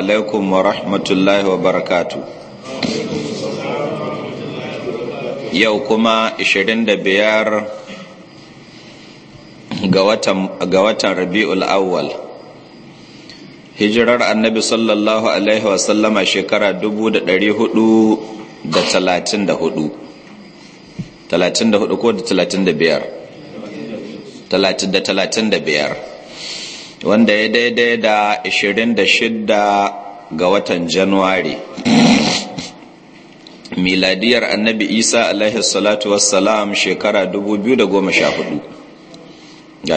alaikum wa rahmatullahi wa barakatu yau kuma 25 ga watan rabi'ul awwal hijirar annabi sallallahu alaihi wasallama shekara 434 34 ko da 35 da 35 wanda ya daidai da 26 ga watan januwari miladiyar annabi isa alaihi salatu wassalam shekara 2014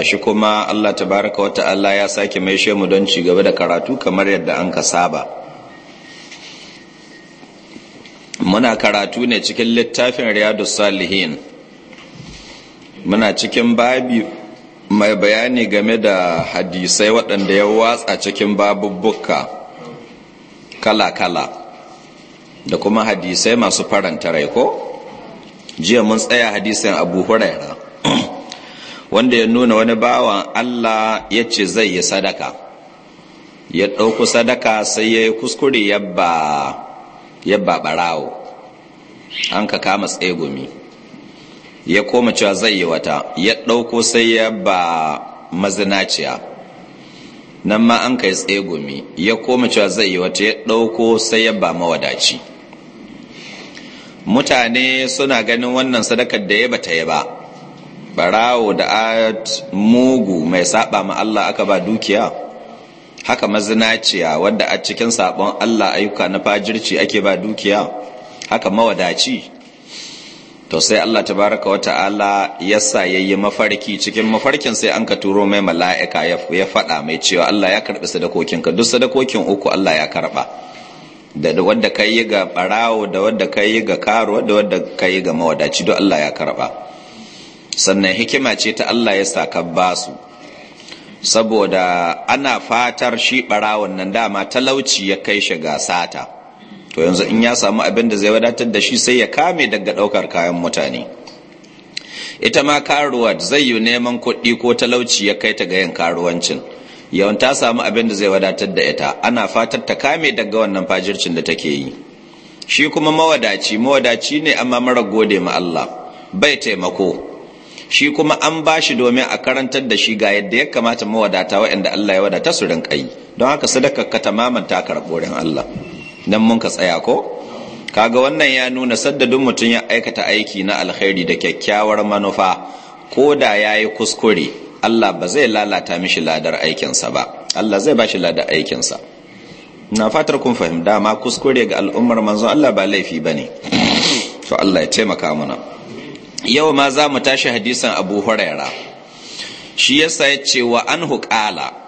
shi kuma allah tabaraka wata Allah ya sake mai mu don ci gaba da karatu kamar yadda an ka saba muna karatu ne cikin littafin riyadu salihin muna cikin babi mai bayani game da hadisai waɗanda ya watsa cikin babubbuka kala-kala da kuma hadisai masu faranta rai ko jiya mun tsaya hadisan abu huraira wanda ya nuna wani bawan allah ya ce zai yi sadaka ya ɗauku sadaka sai ya yi kuskure yabba ɓarawo an ka kama tsegumi ya koma cewa zai yi wata ya ɗauko sai ya ba mazinaciya nan ma an kai tsegumi ya koma cewa zai yi wata ya ɗauko sai ya ba mawadaci mutane suna ganin wannan sadakar da ya bata yi ba barawo da ayat mugu mai saba ma Allah aka ba dukiya haka mazinaciya wadda a cikin sabon Allah ayyuka na fajirci ake ba dukiya haka mawadaci to sai Allah tabaraka wa ta'ala ya sa yayi mafarki cikin mafarkin sai an ka turo mai mala'ika ya faɗa mai cewa Allah ya karɓi ka duk sadakokin uku Allah ya karɓa da wadda ka yi ga ɓarawo da wadda ka yi ga karo da wadda ka yi ga mawadaci duk Allah ya karɓa sannan hikima ce ta Allah ya sa ka ba saboda ana fatar shi barawon nan dama talauci ya kai shi ga sata to yanzu in ya samu abin da zai wadatar da shi sai ya kame daga ɗaukar kayan mutane ita ma karuwa zai yi neman kuɗi ko talauci ya kai ta ga yin karuwancin yawan ta samu abin da zai wadatar da ita ana fatar ta kame daga wannan fajircin da take yi shi kuma mawadaci mawadaci ne amma mara gode ma Allah bai taimako shi kuma an ba shi domin a karantar da shi ga yadda ya kamata mawadata waɗanda Allah ya wadata su rinƙa don haka sadakar ka tamamanta ta karɓorin Allah dan mun ka tsaya ko kaga wannan ya nuna sadda saddadin mutum ya aikata aiki na alkhairi da kyakkyawar manufa ko da ya yi kuskure Allah ba zai lalata mishi ladar aikinsa ba Allah zai ba shi ladar aikinsa na fatar kun fahim dama kuskure ga al'ummar manzon Allah ba laifi ba ne to Allah ya taimaka muna yau ma za mu tashi hadisan abu huraira shi yasa ya ce wa an hukala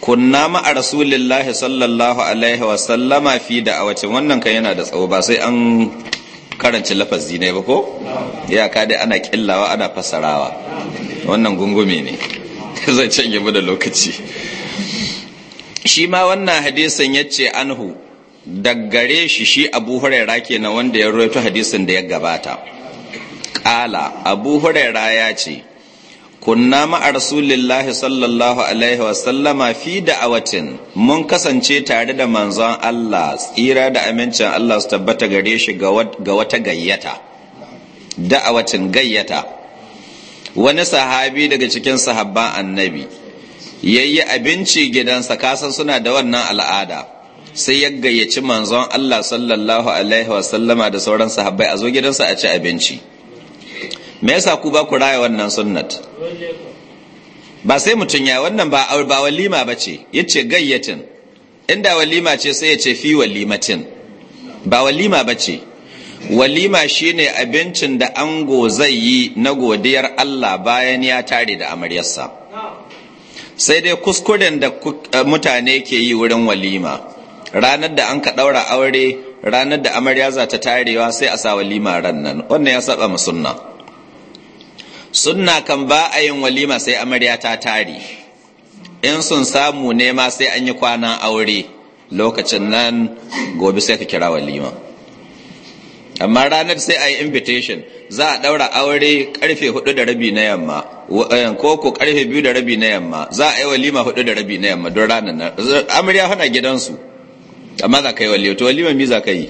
kunna ma a rasulillahi sallallahu alaihi wa sallama fi da'awatin wannan kan yana da tsawo ba sai an karanci lafazi ne ba ko ka dai ana killawa ana fasarawa? wannan gungume ne zai can gaba da lokaci shi ma wannan hadisin ya ce anhu daggare shi shi abu huraira kenan wanda ya rawaito hadisin da ya gabata ƙala abu huraira ya ce kunna ma'a rasulillahi sallallahu alaihi sallama fi da'awatin mun kasance tare da manzon Allah tsira da amincin Allah su tabbata gare shi ga wata gayyata da'awatin gayyata wani sahabi daga cikin sahabban annabi yayi abinci gidansa kasan suna da wannan al'ada sai ya gayyaci manzon Allah sallallahu alaihi sallama da sauran sahabbai a zo gidansa a ci abinci me yasa ku ba ku raya wannan sunnat ba sai mutum ya wannan ba ba walima ba ce yace gayyatin inda walima ce sai ya ce fi walimatin ba walima ba ce walima shine abincin da ango zai yi na godiyar Allah bayan ya tare da amaryarsa sai dai kuskuren da eh, mutane ke yi wurin walima ranar da an ka ɗaura aure ranar da amarya za ta tarewa sai a sa walima ran nan wannan ya saba mu sunna sunna kan ba a yin walima sai amarya ta tare in sun samu nema sai an yi kwanan aure lokacin nan gobe sai ka kira walima amma ranar sai a yi invitation za a ɗaura aure karfe hudu da rabi na yamma eh, ko karfe biyu da rabi na yamma za a yi walima hudu da rabi na yamma don ranar amarya hana gidansu amma za ka yi walima to walima mi za ka yi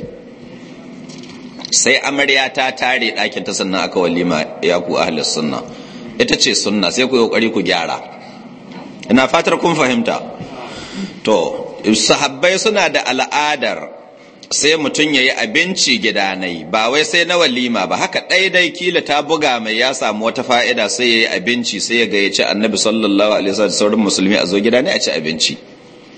sai amarya ta tare ɗakin ta sannan aka walima ya ku ahlus sunna ita ce sunna sai ku kokari ku gyara ina fatar kun fahimta to sahabbai suna da al'adar sai mutum ya yi abinci gidanai ba wai sai na walima ba haka ɗai ɗaiɗai kila ta buga mai ya samu wata fa'ida sai ya yi abinci sai ya gayyaci annabi sallallahu alaihi wasallam sauran musulmi a zo gidanai a ci abinci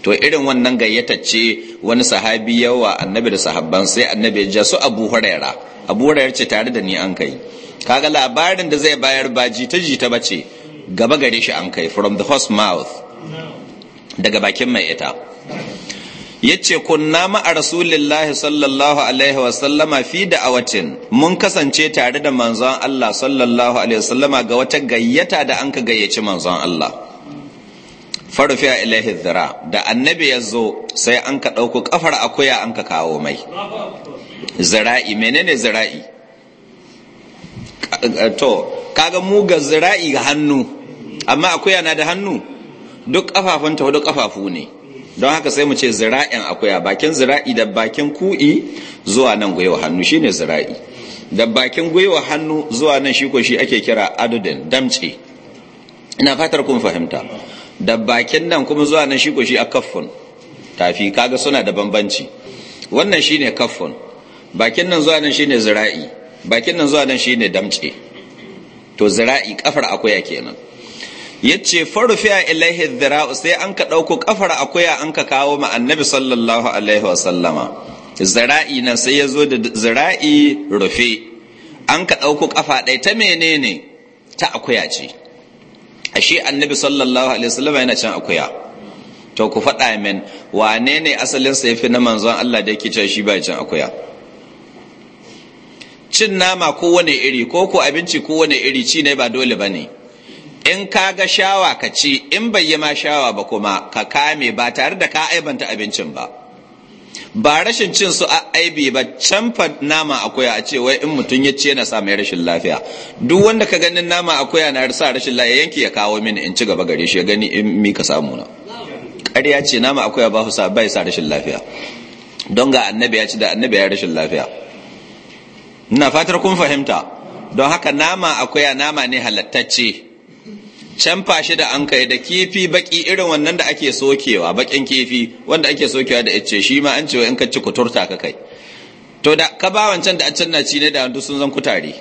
to irin wannan gayyata ce wani sahabi yawa annabi da sahabban sai annabi ya su abu huraira abu huraira ce tare da ni an kai kaga labarin da zai bayar ba jita jita ba ce gaba gare shi an kai from the horse mouth daga bakin mai ita yace kunna ma'a rasulillahi sallallahu alaihi wasallama fi da'awatin mun kasance tare da manzon Allah sallallahu alaihi wasallama ga wata gayyata da an ka gayyaci manzon Allah farfiya ilahi zira da annabi ya zo sai an ka ɗauko ƙafar akuya an ka kawo mai zira'i menene zira'i to kaga mu ga zira'i ga hannu amma akuya na da hannu duk ta duk ƙafafu ne don haka sai mu ce zira'in akuya bakin zira'i da bakin ku'i zuwa nan gwiwa hannu shine zira'i da bakin gwiwa hannu zuwa nan shi ko shi ake kira adudin damce ina fatar kun fahimta da bakin nan kuma zuwa nan shi ko shi a kaffun tafi kaga suna da bambanci wannan shine kaffun bakin nan zuwa nan shine zira'i bakin nan zuwa nan shine damce to zira'i kafar akuya kenan yace farufiya ilaihi dhira'u sai an ka dauko kafar akuya an ka kawo ma annabi sallallahu alaihi wa sallama zira'i nan sai ya zo da zira'i rufe an ka dauko kafa ɗaya ta menene ta akuya ce ashe annabi sallallahu alaihi wasallam yana cin akuya to ku faɗa min wane ne asalin sa yafi na manzon Allah da yake cewa shi ba can akuya cin nama ko wani iri ko ko abinci ko wani iri ci ne ba dole bane in ka ga shawa ka ci in bai yi ma shawa ba kuma ka kame ba tare da ka aibanta abincin ba ba rashin cin su a aibi ba canfa nama akuya a ce wai in mutum ya ce yana sa mai rashin lafiya duk wanda ka ganin nama akuya na sa rashin lafiya yanki ya kawo mini in ci gaba gare shi ya gani in mi ka samu na ƙarya ce nama akuya ba sa bai sa rashin lafiya don ga annabi ya ci da annabi ya rashin lafiya ina fatar kun fahimta don haka nama akuya nama ne halattacce canfa shi da an kai da kifi baki irin wannan da ake sokewa bakin kifi wanda ake sokewa da ice shi ma an ce in ka ci kuturta ka kai to da ka ba wancan da a can na ci ne da duk sun zan kutare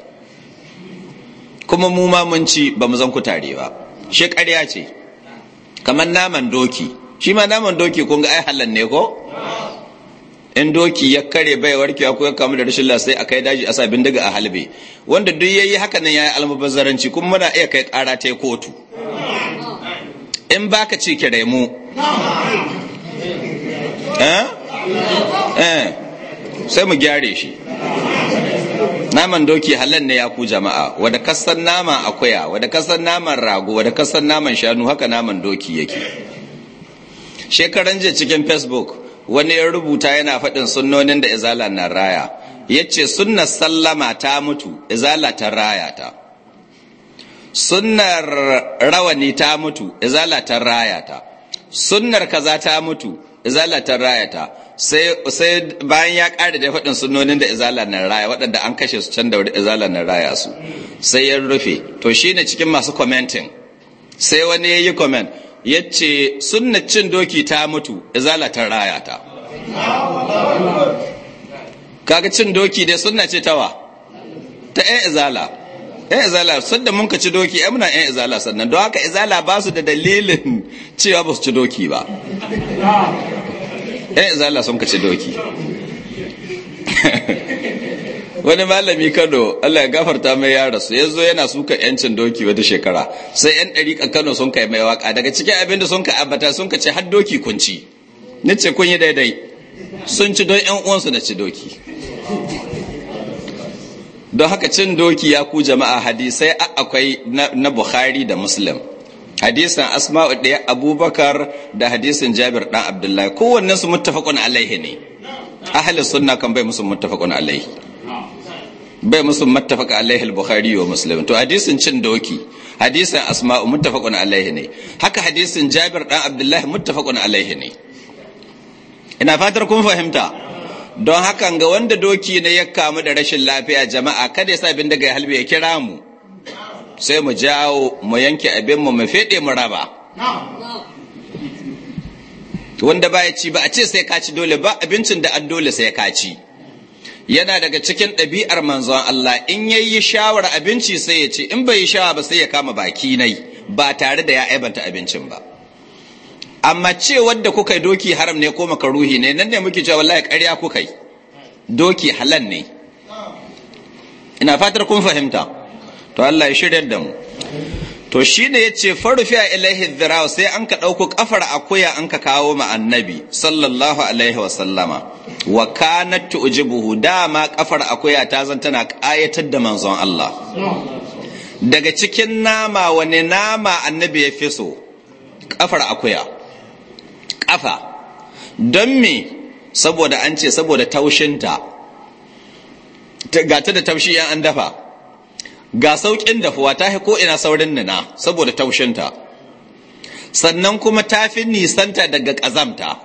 kuma mu ma mun ci ba mu zan kutare ba shi ƙarya ce kamar naman doki shi ma naman doki kun ga ai halal ne ko in doki ya kare bai warke ko ya kamu da rashin lafiya sai a kai daji a sa bindiga a halbe wanda duk yayi haka nan yayi almubazzaranci kuma muna iya kai kara ta kotu in baka ci ki mu, eh? eh sai mu gyare shi naman doki halan ne ya ku jama'a wada kasan nama akuya wada kasan naman rago wada kasan naman shanu haka naman doki yake shekaran jiya cikin facebook wani ya rubuta yana faɗin sunnonin da izala na raya ya ce sunnar sallama ta mutu izala ta raya ta sunnar rawani ta mutu izala ta raya ta sunnar kaza ta mutu izala ta raya ta sai bayan ya ƙara da faɗin sunnonin da izala na raya waɗanda an kashe su can da wuri izala na raya su sai ya rufe to shine cikin masu commenting sai wani ya yi comment ce sunna cin doki ta mutu izala ta raya ta kaga cin doki dai sunna ce tawa ta ɗan izala ɗan izala sanda mun ka ci doki ɗan muna ɗan izala sannan don haka izala ba su da dalilin cewa ba su ci doki ba ɗan izala sun ka ci doki wani malami kano allah ya gafarta mai ya rasu ya zo yana suka yancin doki wata shekara sai yan ɗari a kano sun kai mai waka daga cikin abin da sun ka ambata sun ka ce har doki kunci ni ce kun yi daidai sun ci don yan uwansu na ci doki don haka cin doki ya ku jama'a hadisai akwai na bukhari da muslim hadisin asma'u ɗaya abubakar da hadisin jabir ɗan abdullahi kowannensu muttafaqun alaihi ne ahli sunna kan bai musu muttafaqun alaihi bai musu mattafaka alaihi al-bukhari wa muslim to hadisin cin doki hadisin asma'u muttafaqun alaihi ne haka hadisin jabir dan abdullahi muttafaqun alaihi ne ina fatar kun fahimta don hakan ga wanda doki ne ya kamu da rashin lafiya jama'a kada ya sa bin daga halbe ya kira mu sai mu jawo mu yanke abin mu mu fede mu raba wanda ba ya ci ba a ce sai ka ci dole ba abincin da an dole sai ka ci yana daga cikin ɗabi'ar manzon Allah in ya yi shawar abinci sai ya ce in bai yi shawa ba sai ya kama baki nai ba tare da ya aibanta abincin ba amma ce wadda kuka yi doki haram ne ko makaruhi ne nan ne muke cewa wallahi ƙarya kuka yi doki halal ne ina fatar kun fahimta to Allah ya shirya da mu to shi ne ya ce farufiya ilaihi zira sai an ka ɗauko ƙafar akuya an ka kawo ma annabi sallallahu alaihi wa sallama wa kanat tu'jibuhu dama ƙafar akuya ta zan tana ƙayatar da manzon Allah daga cikin nama wani nama annabi ya fi so ƙafar akuya ƙafa don me saboda an ce saboda taushinta ga ta da taushi yan an dafa ga sauƙin dafuwa ta ko ina saurin nuna saboda taushinta sannan kuma ta fi nisanta daga ƙazamta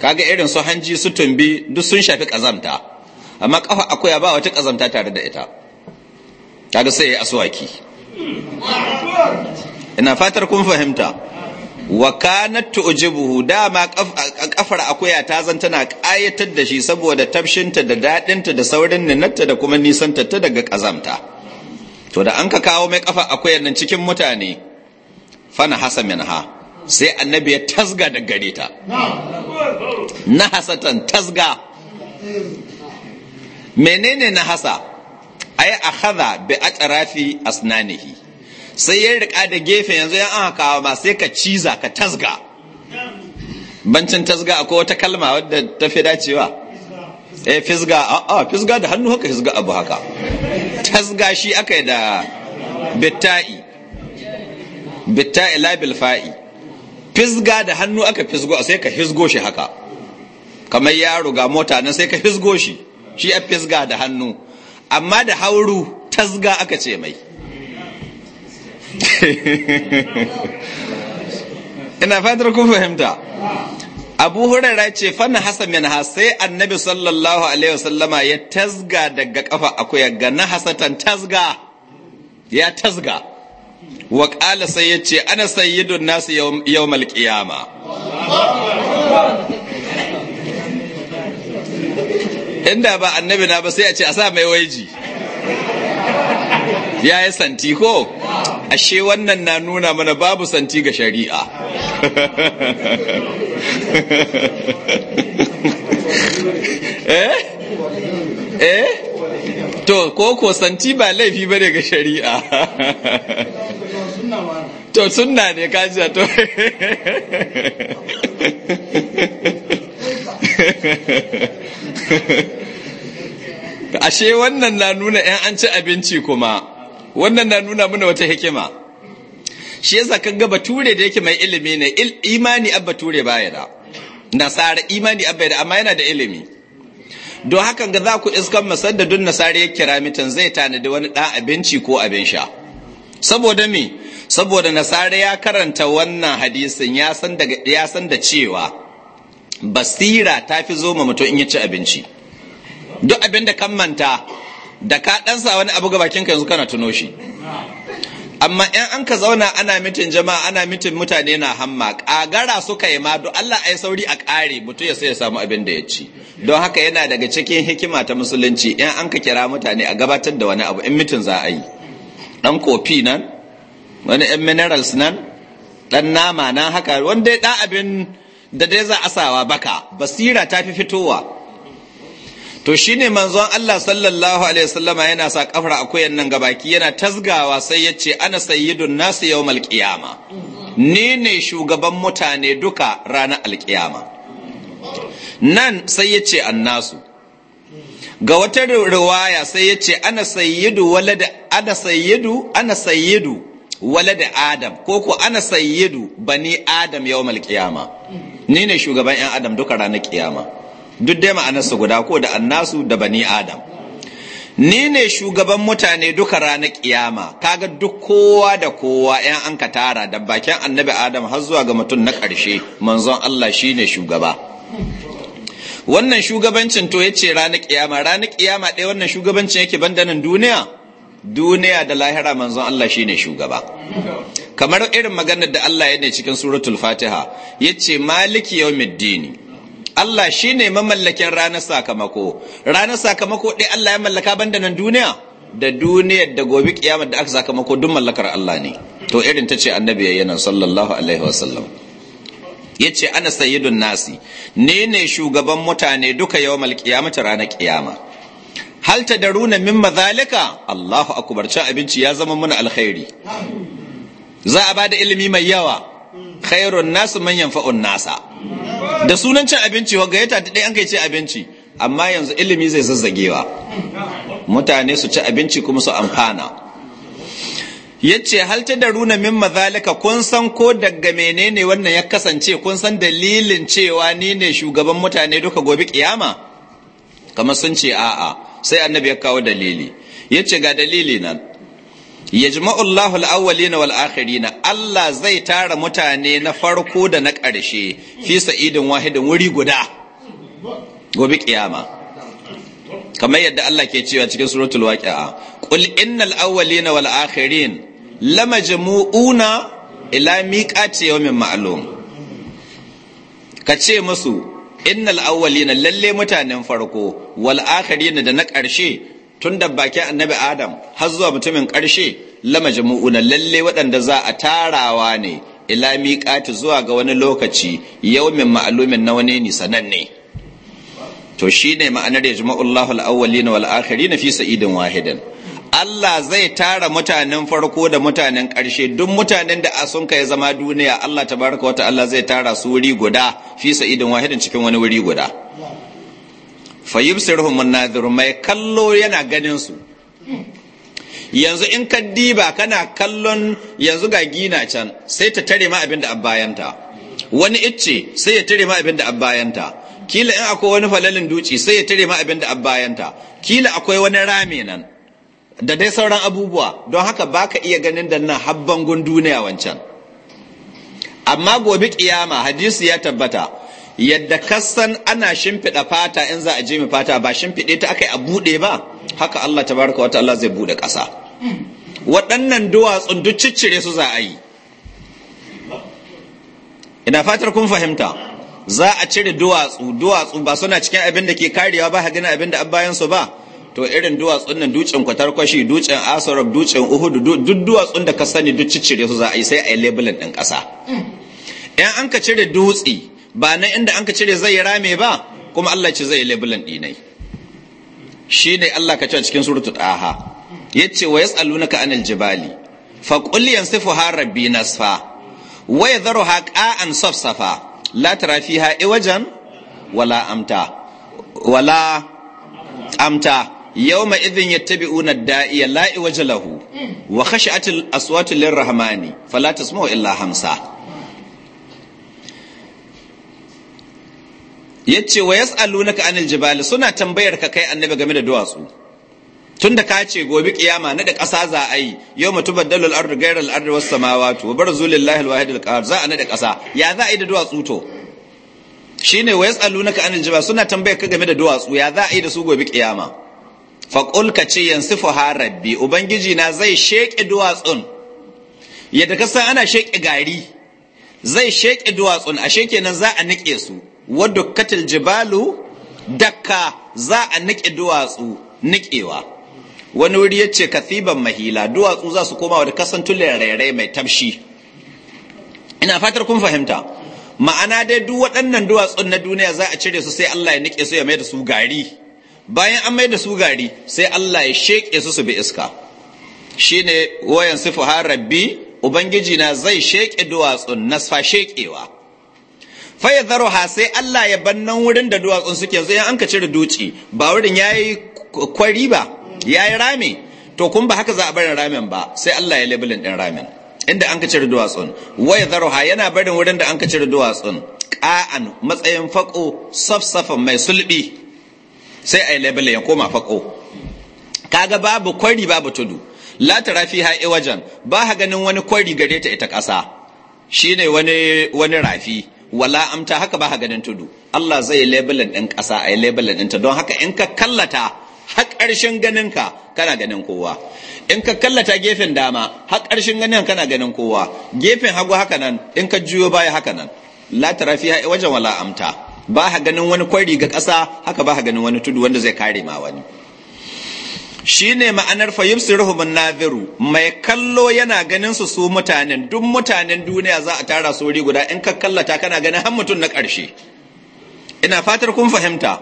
kaga irin su hanji su tumbi duk sun shafi ƙazamta amma ƙafa akuya ba wata ƙazamta tare da ita kaga sai ya asuwaki. ina fatar kun fahimta wa kanat tu'jibuhu dama kafar akuya ta zan tana kayatar da shi saboda tafshinta da daɗinta da saurin ninarta da kuma nisanta ta daga ƙazamta. to da an ka kawo mai kafa akwai nan cikin mutane fana hasa ha, sai annabi ya tasga da gare ta na hasatan tasga menene na hasa ai akhadha bi atrafi asnanihi sai ya rika da gefe yanzu ya aka kawo ma sai ka ciza ka tasga bancin tasga akwai wata kalma wadda ta fi dacewa eh fisga a fisga da hannu haka fisga abu haka tasga shi aka yi da bitta'i bitta'i labil fa'i fisga da hannu aka fisgo sai ka fisgo shi haka kamar yaro ga mota nan sai ka fisgo shi shi a fisga da hannu amma da hauru tasga aka ce mai ina fatar kun fahimta abu hurara ce fana Hassan min sai annabi sallallahu alaihi wasallama ya tasga daga kafa akuya ga na hasatan tasga ya tasga wa qala sai ya ce ana sayyidun nasu yawmal qiyama inda ba annabi na ba sai a ce a sa mai waji ya yi santi ko ashe wannan na nuna mana babu santi ga shari'a eh eh to ko ko santi ba laifi ba ga shari'a to sunna ne kajiya to ashe wannan na nuna 'yan an ci abinci kuma wannan na nuna mana wata hikima shi yasa kan ga bature da yake mai ilimi ne imani abba ture baya da nasara imani abba da amma yana da ilimi don hakan ga za ku iskan masaddadun nasara ya kira mitin zai tanadi wani ɗan abinci ko abin sha saboda me saboda nasara ya karanta wannan hadisin ya san da cewa basira ta fi zo ma mutum in ya ci abinci duk abin da kan manta da ka ɗansa wani abu ga bakinka yanzu kana tuno shi amma in an ka zauna ana mitin jama'a ana mitin mutane na hamma kagara suka yi ma don Allah ai sauri a kare mutu ya sai ya samu abin da ya ci don haka yana daga cikin hikima ta musulunci in an ka kira mutane a gabatar da wani abu in mitin za a yi dan kofi nan wani yan minerals nan dan nama nan haka wanda ya dan abin da dai za a sawa baka basira ta fi fitowa to shine manzon Allah sallallahu alaihi wasallama yana sa kafar koyan nan gabaki yana tasgawa sai ya ce ana sayyidun nasu yau malƙiyama. ni ne shugaban mutane duka ranar alkiyama nan sai ya ce nasu. ga wata riwaya sai ya ce ana sayyidu walada ana sayyidu ana sayyidu walada adam ko ku ana sayyidu bani adam yau malƙiyama. ni ne shugaban yan adam duka ranar kiyama duk dai ma'anarsa guda ko da annasu da bani adam ni ne shugaban mutane duka ranar kiyama kaga duk kowa da kowa yan an ka tara da bakin annabi adam har zuwa ga mutum na ƙarshe manzon Allah shine shugaba wannan shugabancin to yace ranar kiyama ranar kiyama ɗaya wannan shugabancin yake nan duniya duniya da lahira manzon Allah shine shugaba kamar irin maganar da Allah ya ne cikin suratul fatiha yace maliki yawmiddini Allah shi ne mamallakin ranar sakamako ranar sakamako ɗaya Allah ya mallaka banda nan duniya da duniyar da gobe kiyamar da aka sakamako duk mallakar Allah ne to irin ta ce annabi yayyana sallallahu alaihi wasallam ya ce ana sayidun nasi ne ne shugaban mutane duka yawmal mata ranar kiyama hal ta daruna min mazalika Allahu a cin abinci ya zama mana alkhairi za a bada ilimi mai yawa khairun nasu manyan yanfa'un nasa da sunan cin abinci wa gayyata ta ɗaya an kai ce abinci amma yanzu ilimi zai zazzagewa mutane su ci abinci kuma su amfana Ya ce hal da runa min mazalika kun san ko daga menene wannan ya kasance kun san dalilin cewa ni ne shugaban mutane duka gobe kiyama kamar sun ce a'a sai annabi ya kawo dalili Ya ce ga dalili nan yajma'u Allahu al-awwalina wal Allah zai tara mutane na farko da na ƙarshe fi sa'idin wahidin wuri guda gobe ƙiyama. kamar yadda Allah ke cewa cikin suratul waqi'a qul innal awwalina wal akhirin lamajmu'una ila miqati yawmin ma'lum kace musu innal awwalina lalle mutanen farko wal akhirina da na ƙarshe tun da bakin annabi adam har zuwa mutumin ƙarshe lama jamu'una lalle waɗanda za a tarawa ne ila miƙati zuwa ga wani lokaci yaumin ma'alumin na wani nisanan ne. to shine ma'anar yajma'ullahu al-awwalina wal na fi sa'idin wahidin Allah zai tara mutanen farko da mutanen ƙarshe duk mutanen da sun kai zama duniya Allah tabaraka wata Allah zai tara su wuri guda fi sa'idin wahidin cikin wani wuri guda fa yubsiruhum mai kallo yana ganin su yanzu in ka diba kana kallon yanzu ga gina can sai ta tare ma abin da abbayanta wani icce sai ya tare ma abin da abbayanta kila in akwai wani falalin duci sai ya tare ma abin da abbayanta kila akwai wani rami nan da dai sauran abubuwa don haka baka iya ganin da nan habban duniya wancan amma gobe kiyama hadisi ya tabbata yadda kasan ana shimfiɗa fata in za a je mai fata ba shimfiɗe ta aka yi a buɗe ba haka Allah Ta baraka wata, Allah zai buɗe ƙasa waɗannan duwatsun duk ciccire su za a yi ina fatar kun fahimta za a cire duwatsu duwatsu ba suna cikin abin da ke karewa ba haɗin abin da bayan su ba to irin duwatsun nan dutsen kwatarkwashi dutsen asarab dutsen uhudu duk duwatsun da ka sani duk ciccire su za a yi sai a yi labelin ɗin ƙasa Yan an ka cire dutse ba na inda an ka cire zai rame ba kuma Allah ce zai labulan dinai shi ne Allah ka ce cikin suratu ɗaha ya ce wa yas'alunaka anil jibali fa qul yansifuha rabbi nasfa wa yadharuha qa'an safsafa la tara fiha iwajan wala amta wala amta yawma idhin yattabi'una ad-da'iya la iwaja lahu wa khashi'atil aswatu lirrahmani fala tasma'u illa hamsa yace wa yas'alunaka anil jibali suna tambayar ka kai annabi game da duwatsu tunda ka ce gobe kiyama na da ƙasa za a yi yau mutu baddalul ardu gairal ardu was samawati wa barzulillahi alwahid alqahar za a na da ƙasa ya za a yi da duwatsu to shine wa yas'alunaka anil jibali suna tambayar ka game da duwatsu ya za a yi da su gobe kiyama faqul ka ce ha rabbi ubangiji na zai sheke duwatsun yadda ka san ana sheke gari zai sheke duwatsun ashe kenan za a nike su wa dukkatil jibalu dakka za a nike duwatsu nikewa wani wuri ya ce kathiban mahila duwatsu za su koma kasan tulle rairai mai tabshi ina fatar kun fahimta ma'ana dai duk waɗannan duwatsun na duniya za a cire su sai Allah ya nike su ya mai da su gari bayan an mai da su gari sai Allah ya sheƙe su su bi iska shine wayan sifu har rabbi ubangiji na zai sheƙe duwatsun nasfa sheƙewa. fa ya sai Allah ya bannan wurin da duwatsun suke yanzu an ka cire duci ba wurin yayi kwari ba yayi rame to kun ba haka za a barin ramen ba sai Allah ya labelin din ramen inda an ka cire duwatsun wa ya yana barin wurin da an ka cire duwatsun ka'an matsayin faqo safsafan mai sulbi sai ai labelin ya koma faqo kaga babu kwari babu tudu la tara fiha wajen ba ha ganin wani kwari gare ta ita ƙasa shine wani wani rafi wala amta haka ba ganin tudu Allah zai yi labelin ɗin ƙasa a yi labelin ɗinta don haka in ka kallata har ƙarshen ka kana ganin kowa in ka kallata gefen dama har ƙarshen ganin kana ganin kowa gefen hagu haka nan in ka juyo baya haka nan la tarafiya wajen wala amta ba ganin wani kwari ga ƙasa haka ba ganin wani tudu wanda zai kare ma wani Shi ne ma'anar fayimsiruhum naziru mai kallo yana ganin su su mutanen duk mutanen duniya za a tara sauri guda in ka kallata kana ganin har mutum na ƙarshe ina fatar kun fahimta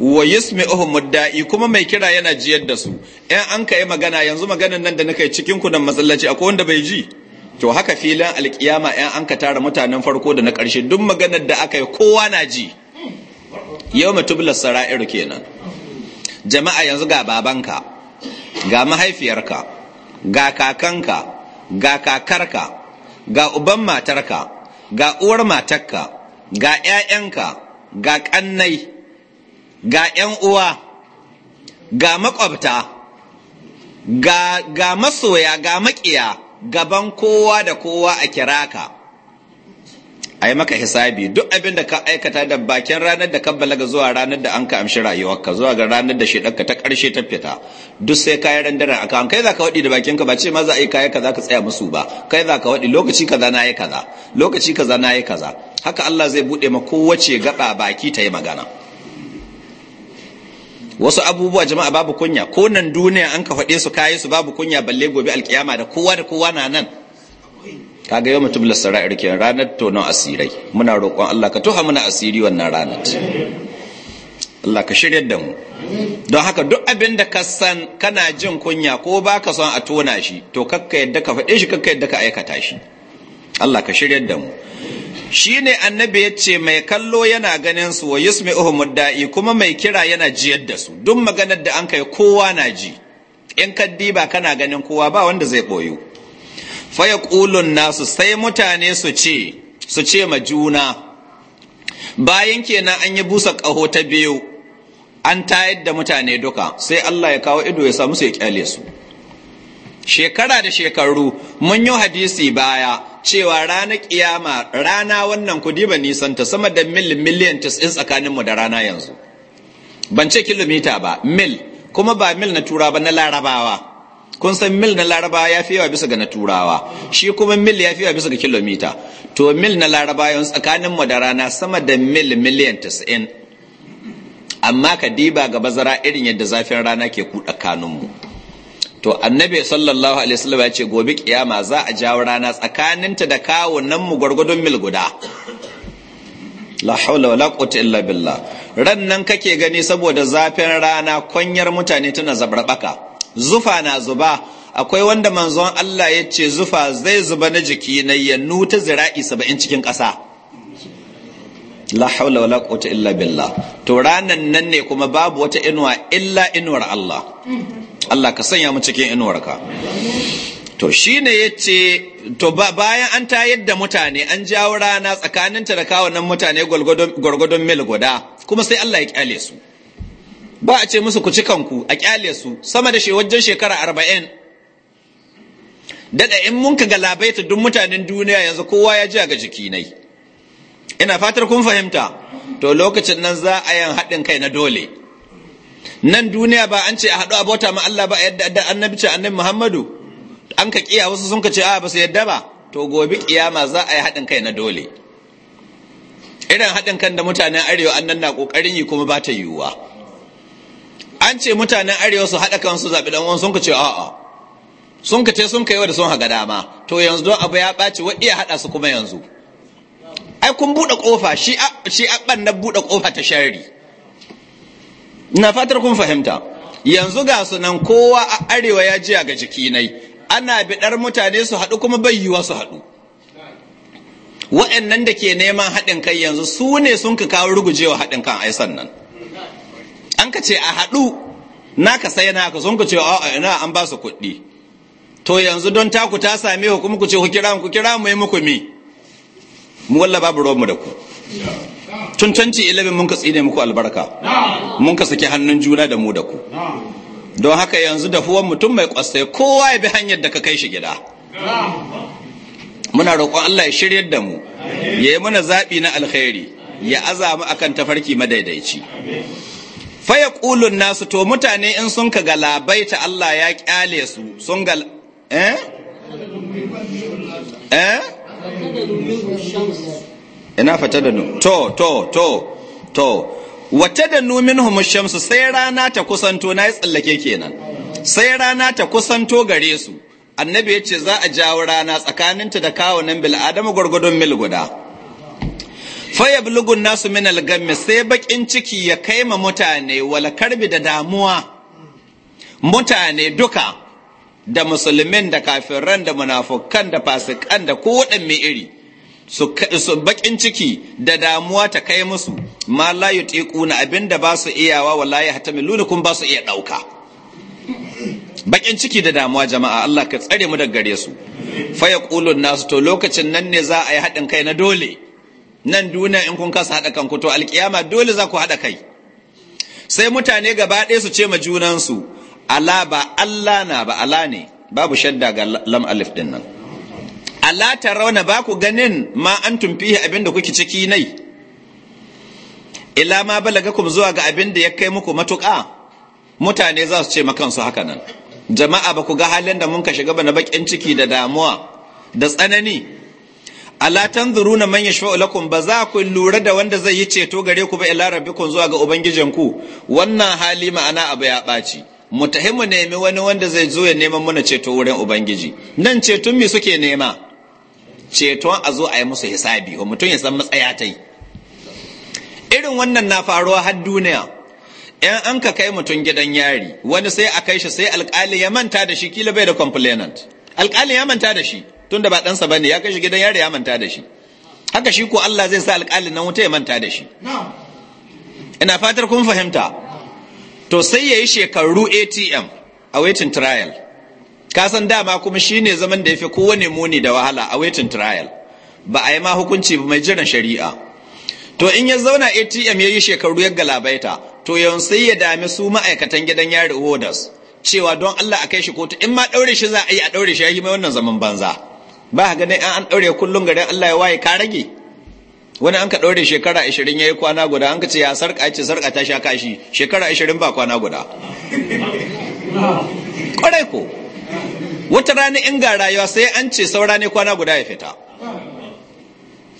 wa uhumud da'i kuma mai kira yana jiyar da su ɗan an kai magana yanzu maganan nan da na kai cikin ku nan masallaci akwai wanda bai ji to haka filin alkiyama ɗan an ka tara mutanen farko da na ƙarshe duk maganar da aka yi kowa na ji yau mutublar sara'iru kenan jama'a yanzu ga babanka ga mahaifiyarka ga kakanka ga kakarka ga uban matarka ga uwar matarka ga 'ya'yanka ga ƙannai ga 'yan uwa ga makwabta ga, masoya ga maƙiya gaban kowa da kowa a kira ka a yi maka hisabi duk abin da ka aikata da bakin ranar da ka balaga zuwa ranar da an ka amshi rayuwarka zuwa ga ranar da shedarka ta ƙarshe ta fita duk sai kayan randara a kai za ka waɗi da bakinka ba ce ma za a yi kayan kaza ka tsaya musu ba kai za ka waɗi lokaci kaza na yi kaza lokaci kaza na yi kaza haka Allah zai buɗe ma kowace gaba baki ta yi magana wasu abubuwa jama'a babu kunya ko nan duniya an ka faɗe su kayi su babu kunya balle gobe alkiyama da kowa da kowa na nan kaga yau mutum lasara'ir ke ranar tonon asirai muna roƙon Allah ka tuha muna asiri wannan ranar Allah ka shirya da mu don haka duk abin da ka san kana jin kunya ko ba ka son a tona shi to kakka yadda ka faɗe shi kakka yadda ka aikata shi Allah ka shirya da mu shi ne annabi ya ce mai kallo yana ganin su wa yusmi yusmi'uhu mudda'i kuma mai kira yana jiyar da su duk maganar da an kai kowa na ji in kaddi ba kana ganin kowa ba wanda zai boyo faya ƙulun nasu sai mutane su ce su ce ma juna bayan kenan an yi busa ƙaho ta biyu an tayar da mutane duka sai Allah ya kawo ido ya samu su kyale su shekara da shekaru mun yi hadisi baya cewa rana kiyama rana wannan kudi ba nisan ta sama da mil miliyan tsakanin tsakaninmu da rana yanzu ban ce kilomita ba mil kuma ba mil na tura ba na larabawa kun san mil na laraba ya fi yawa bisa ga na turawa shi kuma mil ya fi yawa bisa ga kilomita to mil na laraba yawan tsakanin mu da rana sama da mil miliyan 90 amma ka diba ga bazara irin yadda zafin rana ke kuɗa kanunmu to annabi sallallahu alaihi wasallam ya ce gobe kiyama za a jawo rana tsakaninta da kawunan mu gwargwadon mil guda la haula wala quwwata illa billah ran nan kake gani saboda zafin rana kwanyar mutane tana zabrabaka zufa na zuba akwai wanda manzon Allah ya ce zufa zai zuba na jiki na ya nuta zira'i saba'in cikin ƙasa la haula wala quwwata illa billah to ranan nan ne kuma babu wata inuwa illa inuwar Allah Allah ka sanya mu cikin inuwarka to shine yace to bayan an tayar da mutane an jawo rana tsakaninta da nan mutane gwargwadon mil guda kuma sai Allah ya kyale su ba a ce musu ku ci kanku a kyale su sama da wajen shekara arba'in daɗa in mun ka labaita duk mutanen duniya yanzu kowa ya ji a ga jiki nai ina fatar kun fahimta to lokacin nan za a yan haɗin kai na dole nan duniya ba an ce a haɗu abota ma Allah ba a yadda da annabi ce annabi Muhammadu an ka kiya wasu sun ka ce a ba su yadda ba to gobe kiyama za a yi haɗin kai na dole irin haɗin kan da mutanen arewa annan na ƙoƙarin yi kuma ba ta yiwuwa an ce mutanen arewa su haɗa kansu zaɓi ɗan wani sun ka ce a'a sun ka ce sun kai da sun haga dama to yanzu don abu ya ɓaci wa iya haɗa su kuma yanzu ai kun buɗe ƙofa shi abban na buɗe ƙofa ta shari na fatar kun fahimta yanzu ga su nan kowa a arewa ya jiya ga jiki nai ana biɗar mutane su haɗu kuma bai yiwa su haɗu waɗannan da ke neman haɗin kai yanzu su ne sun ka kawo rugujewa haɗin kan aisan nan an ka ce a haɗu na ka sai ka sun ku ce a ina an ba su kuɗi to yanzu don taku ta same ku kuma ku ce ku kira ku kira mu yi muku mi mu walla babu ruwan mu da ku tun canci ilimin mun ka tsine muku albarka mun ka saki hannun juna da mu da ku don haka yanzu da huwan mutum mai kwasai kowa ya bi hanyar da ka kai shi gida muna roƙon Allah ya shiryar da mu ya yi mana zaɓi na alkhairi ya azama akan tafarki madaidaici faya ƙulun nasu to mutane in sun ka galabaita Allah ya ƙyale su sun gal eh eh ina fata da to to to to wata da numin shamsu sai rana ta kusanto na yi tsallake kenan sai rana ta kusanto gare su annabi ya ce za a jawo rana tsakaninta da kawo nan bil'adama gwargwadon mil guda faya bulugun nasu min algami sai bakin ciki ya kai ma mutane wala karbi da damuwa mutane duka da musulmin da kafiran da munafukan da fasikan da mai iri su bakin ciki da damuwa ta kai musu ma la abin abinda ba su iyawa wallahi luna kun ba su iya ɗauka. bakin ciki da damuwa jama'a Allah ka tsare mu daga gare su fa yaqulun nasu to lokacin nan ne za a yi haɗin kai na dole nan duniya in kun kasa haɗa kanku to alkiyama dole za ku haɗa kai sai mutane gaba ɗaya su ce ma junansu ala ba Allah na ba ala ne babu shadda ga lam alif din nan ala rauna ba ku ganin ma an tumfihi abin da kuke ciki nai ila ma balaga balagakum zuwa ga abin da ya kai muku matuƙa mutane za su ce ma kansu haka nan jama'a ba ku ga halin da mun ka shiga ba na bakin ciki da damuwa da tsanani ala tanzuruna man yashfa'u lakum ba za ku lura da wanda zai yi ceto gare ku ba ila rabbikum zuwa ga ubangijinku wannan hali ma'ana abu ya ɓaci mutahimu nemi wani wanda zai zo ya neman muna ceto wurin ubangiji nan ceton mi suke nema ceton a zo a yi musu hisabi wa mutum ya san matsaya ta yi irin wannan na faruwa har duniya in an ka kai mutum gidan yari wani sai a kai shi sai alkali ya manta da shi kila bai da complainant alkali ya manta da shi tunda ba ɗansa ba ne, ya kai shi gidan yari ya manta da shi haka shi ko Allah zai sa alƙalin nan wuta ya manta da shi ina fatar kun fahimta to sai ya yi shekaru atm a waiting trial ka san dama kuma shine zaman da ya fi kowane muni da wahala a waiting trial ba a yi ma hukunci ba mai jiran shari'a to in ya zauna atm ya yi shekaru ya galabaita to yawan sai ya dami su ma'aikatan gidan yari hodas cewa don allah a kai shi kotu in ma ɗaure shi za a yi a ɗaure shi ya yi mai wannan zaman banza ba ga ganin an ɗaure kullum garin Allah ya waye ka rage wani an ka ɗaure shekara 20 yi kwana guda an ka ce ya sarka ce sarka ta sha kashi shekara 20 ba kwana guda ƙwarai ko wata rana in ga rayuwa sai an ce saura ne kwana guda ya fita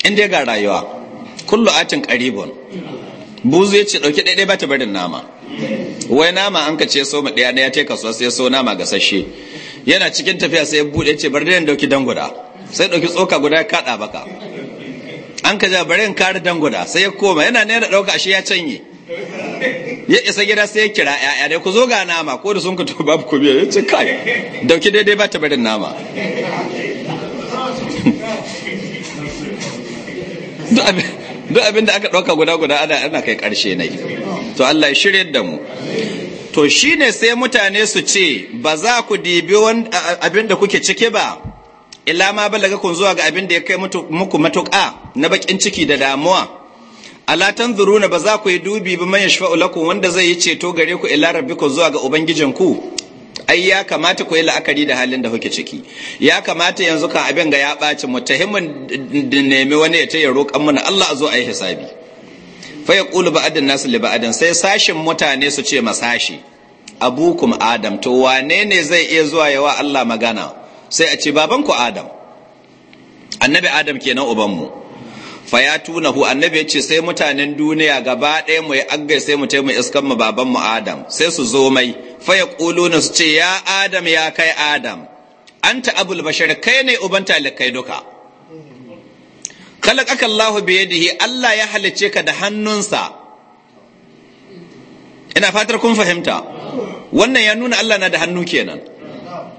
in dai ga rayuwa kullu atin qaribun buzu ya ce ɗauki ɗaiɗai ba ta barin nama wai nama an ka ce so mu ɗaya ɗaya ya take kasuwa sai so nama gasasshe. yana cikin tafiya sai ya bude ce bari dan dauki danguda, sai dauki tsoka guda ya kada baka an ka ja bari in kare danguda sai ya koma yana ne da dauka shi ya canye ya isa gida sai ya kira ya'ya dai ku zo ga nama ko da sun ku to babu ku biya ya ce kai dauki daidai ba ta barin nama duk abin da aka ɗauka guda guda ana kai ƙarshe nai to Allah ya shirye da mu to shi ne sai mutane su ce ba za ku dibi abin da kuke ciki ba Ila ma balaga kun zuwa ga abin da ya kai muku matuƙa na bakin ciki da damuwa alatan zuruna ba za ku yi dubi ba man shafa ulakun wanda zai yi ceto gare ku ila ku zuwa ga ku? ai ya kamata ku yi la'akari da halin da kuke ciki ya kamata yanzu kan abin ga ya ɓaci mutahimin da nemi wani ya ta yi roƙon mana Allah a zo a yi hisabi Faya ƙulu ba'adin nasu li ba'adan sai sashin mutane su ce masashi abukum adam to wane ne zai iya zuwa yawa Allah magana sai a ce babanku adam annabi adam kenan ubanmu fa ya hu annabi ya ce sai mutanen duniya gaba ɗaya mu agga sai mu ce mu iskan mu baban mu adam sai su zo mai fa ya na su ce ya adam ya kai adam anta abul bashar kai ne uban talikai duka khalaqaka Allah bi yadihi Allah ya halice ka da hannunsa ina fatar kun fahimta wannan ya nuna Allah na da hannu kenan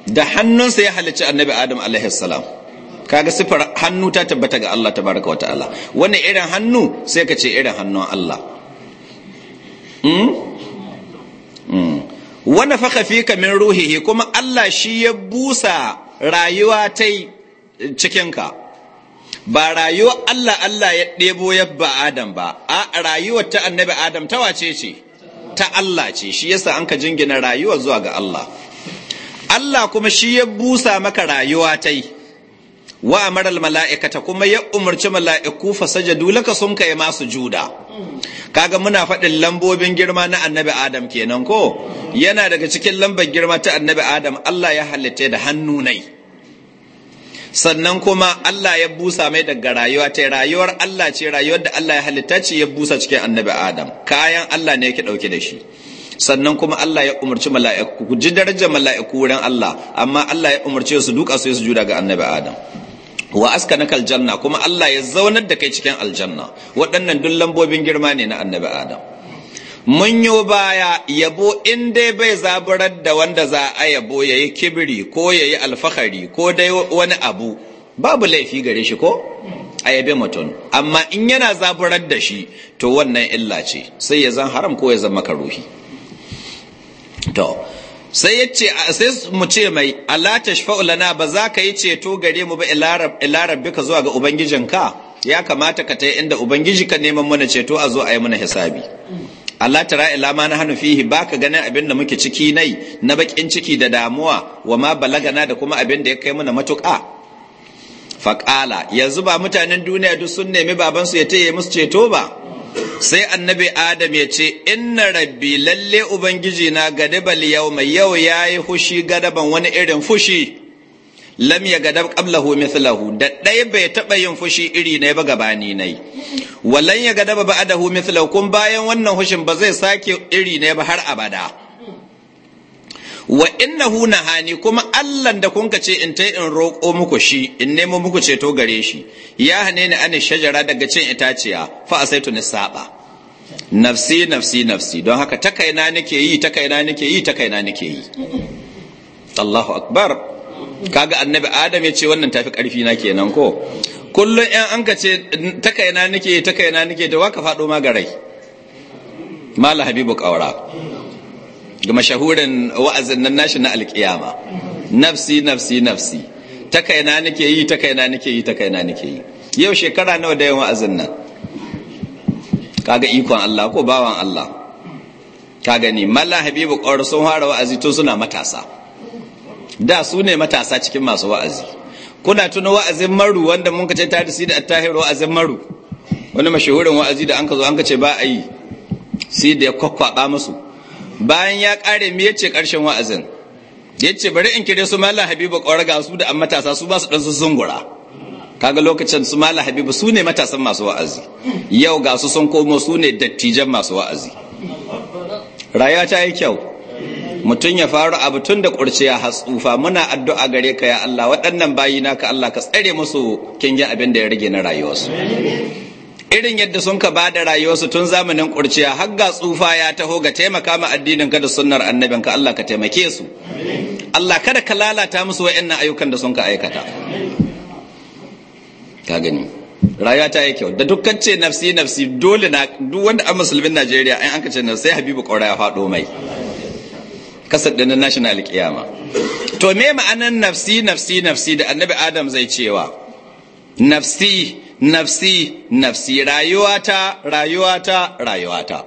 da hannunsa ya halice annabi Adam alaihi salam kaga sifar hannu ta tabbata ga Allah tabaraka wataala wannan irin hannu sai ka ce irin hannun Allah mm? mm. wani fi min ruhihi kuma Allah shi ya busa rayuwa ta cikinka ba rayuwar Allah Allah ya ɗebo yabba Adam ba a rayuwar ta annabi Adam ta wace ce ta Allah ce shi yasa an ka jingina rayuwar zuwa ga Allah Allah kuma shi ya busa maka rayuwa ta yi wa mala'ikata kuma ya umarci mala'iku fasaja laka sun kai masu juda kaga muna faɗin lambobin girma na annabi adam kenan ko yana daga cikin lambar girma ta annabi adam Allah ya halitta da hannu nai sannan kuma Allah ya busa mai daga rayuwa ta rayuwar Allah ce rayuwar da Allah ya halitta ce ya busa cikin annabi Adam kayan Allah ne yake dauke da shi sannan kuma Allah ya umarci mala'iku ku ji daraja mala'iku wurin Allah amma Allah ya umarce su duka su su juda ga annabi Adam wa kal janna kuma Allah ya zaunar da kai cikin aljanna waɗannan duk lambobin girma ne na annabi Adam mun yi baya yabo in dai bai zaburar da wanda za a yabo ya yi kibiri ko ya yi alfahari ko dai wani abu babu laifi gare shi ko a yabe mutum amma in yana zaburar da shi to wannan illa ce sai ya zan haram ko ya zan makaruhi to sai ya ce sai mu ce mai Allah tashfa'u lana ba za ka yi ceto gare mu ba ila ka zuwa ga ubangijinka ya kamata ka ta inda ubangiji ka neman mana ceto a zo a yi mana hisabi Allah tara lama na hannu fihi ka ganin abin da muke ciki nai na baƙin ciki da damuwa wa ma balagana da kuma abin da ya kai mana matuƙa faƙala yanzu ba mutanen duniya duk sun nemi babansu ya taya musu ceto ba sai annabi adam ya ce inna rabbi lalle ubangiji na gadabal yau mai yau ya yi fushi gadaban wani irin fushi lam ya gadab qablahu mithlahu da ɗaya bai taɓa yin fushi iri ne ba gabani nai wallan ya gadaba ba'dahu mithlahu kun bayan wannan hushin ba zai sake iri ne ba har abada wa innahu nahani kuma Allah da kun ce in tai in roko muku shi in nemo muku ceto gare shi ya hane ni an shajara daga cin itaciya fa asaitu ni saba nafsi nafsi nafsi don haka takaina nake yi takaina nake yi takaina nake yi Allahu akbar kaga annabi adam ya ce wannan tafi karfi na kenan ko kullum yan an ka ce ta kaina nake ta kaina nake da waka fado ma garai mala habibu kaura ga mashahurin wa'azin nan nashi na alkiyama nafsi nafsi nafsi ta kaina nake yi ta kaina nake yi ta kaina nake yi yau shekara nawa da yan wa'azin nan kaga ikon Allah ko bawan Allah ka gani mala habibu kaura sun fara wa'azi tun suna matasa da su ne matasa cikin masu wa'azi kuna tuna wa'azin maru wanda mun kace tarisi da tahir wa'azin maru wani mashahurin wa'azi da an ka zo an kace ba a yi sai da ya kwakwaba musu bayan ya kare me yace karshen wa'azin yace bari in kire su Habiba habibu ga su da an matasa su ba su dan su zungura kaga lokacin su mallam habibu su ne matasan masu wa'azi yau ga su sun komo su ne dattijan masu wa'azi rayuwa ta yi kyau mutum ya faru abu tun da ƙurciya hatsufa muna addu'a gare ka ya Allah waɗannan bayi naka Allah ka tsare musu kingin abin da ya rage na rayuwarsu irin yadda sun ka bada rayuwarsu tun zamanin ƙurciya har ga tsufa ya taho ga taimaka ma addinin ka da sunnar annabin ka Allah ka taimake su Allah kada ka lalata musu wa'annan ayyukan da sun ka aikata ka gani rayuwa ta yi kyau da dukkan ce nafsi nafsi dole na duk wanda an musulmin Najeriya an ka ce sai Habibu Kaura ya faɗo mai kasar da na shi to me ma'anan nafsi nafsi nafsi da annabi adam zai cewa nafsi nafsi nafsi rayuwata rayuwata rayuwata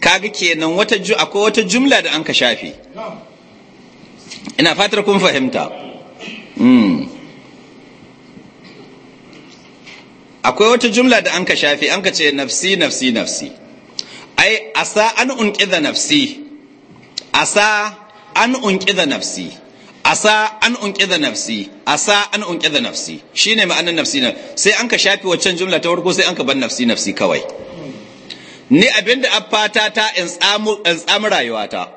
kaga kenan wata akwai wata jumla da an ka shafi ina fatar kun fahimta hmm. akwai wata jumla da an ka shafi an ka ce nafsi nafsi nafsi ai asa an da nafsi asa an da nafsi asa an da nafsi asa an da nafsi shine ma'anar nafsi na sai an ka shafi waccan jumla ta farko sai an ka bar nafsi nafsi kawai ni abinda an fata ta in tsamu in tsamu rayuwata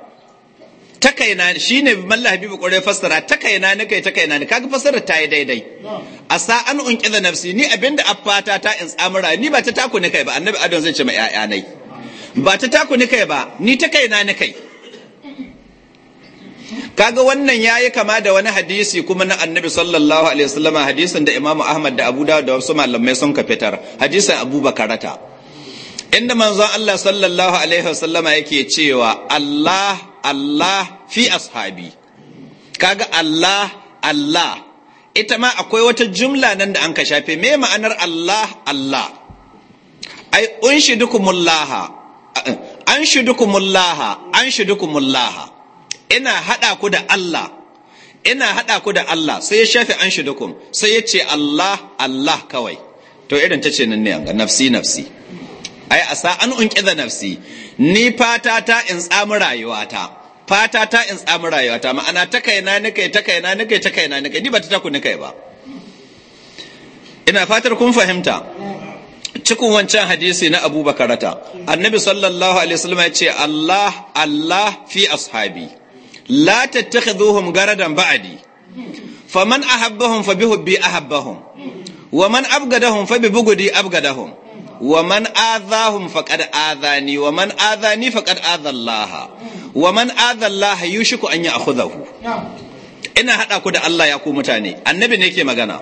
ta kaina shine mallah habibu kwarai fassara ta kaina ne kai ta kaina ni kaga fassara ta yi daidai asa an da nafsi ni abinda an fata ta in tsamu rayuwa ni ba ta taku ni kai ba annabi adon zai ce ma 'ya'ya nai ba ta taku ni kai ba ni ta kaina ni kai kaga wannan yayi kama da wani hadisi kuma na annabi sallallahu alaihi wasallam hadisin da imamu ahmad da abu dawud da wasu malamai sun ka fitar hadisin abubakarata inda manzon allah sallallahu alaihi wasallam yake cewa allah allah fi ashabi kaga allah allah ita ma akwai wata jumla nan da an ka shafe me ma'anar allah allah ai unshidukumullah uh, an shidukum an mullaha. ina haɗa ku da Allah ina haɗa ku da Allah sai ya shafe an shi dukun. sai ya ce Allah Allah kawai to irin ta ce nan ne ga nafsi nafsi ai sa an da nafsi ni fata ta in tsamu rayuwata fata ta in tsamu rayuwata ma'ana ta kaina nake ta kaina nake ta kaina nake ni ba ta taku nake ba ina fatar kun fahimta cikin wancan hadisi na abubakarata annabi sallallahu alaihi wasallam ya ce Allah Allah fi ashabi la tattakhiduhum garadan ba'di faman ahabbahum fa bihubbi ahabbahum wa man abgadahum fa bi bugudi abgadahum wa man adhahum faqad adhani wa man adhani faqad adha Allah wa man adha Allah yushiku an ya'khudhahu ina hada ku da Allah ya ku mutane annabi ne ke magana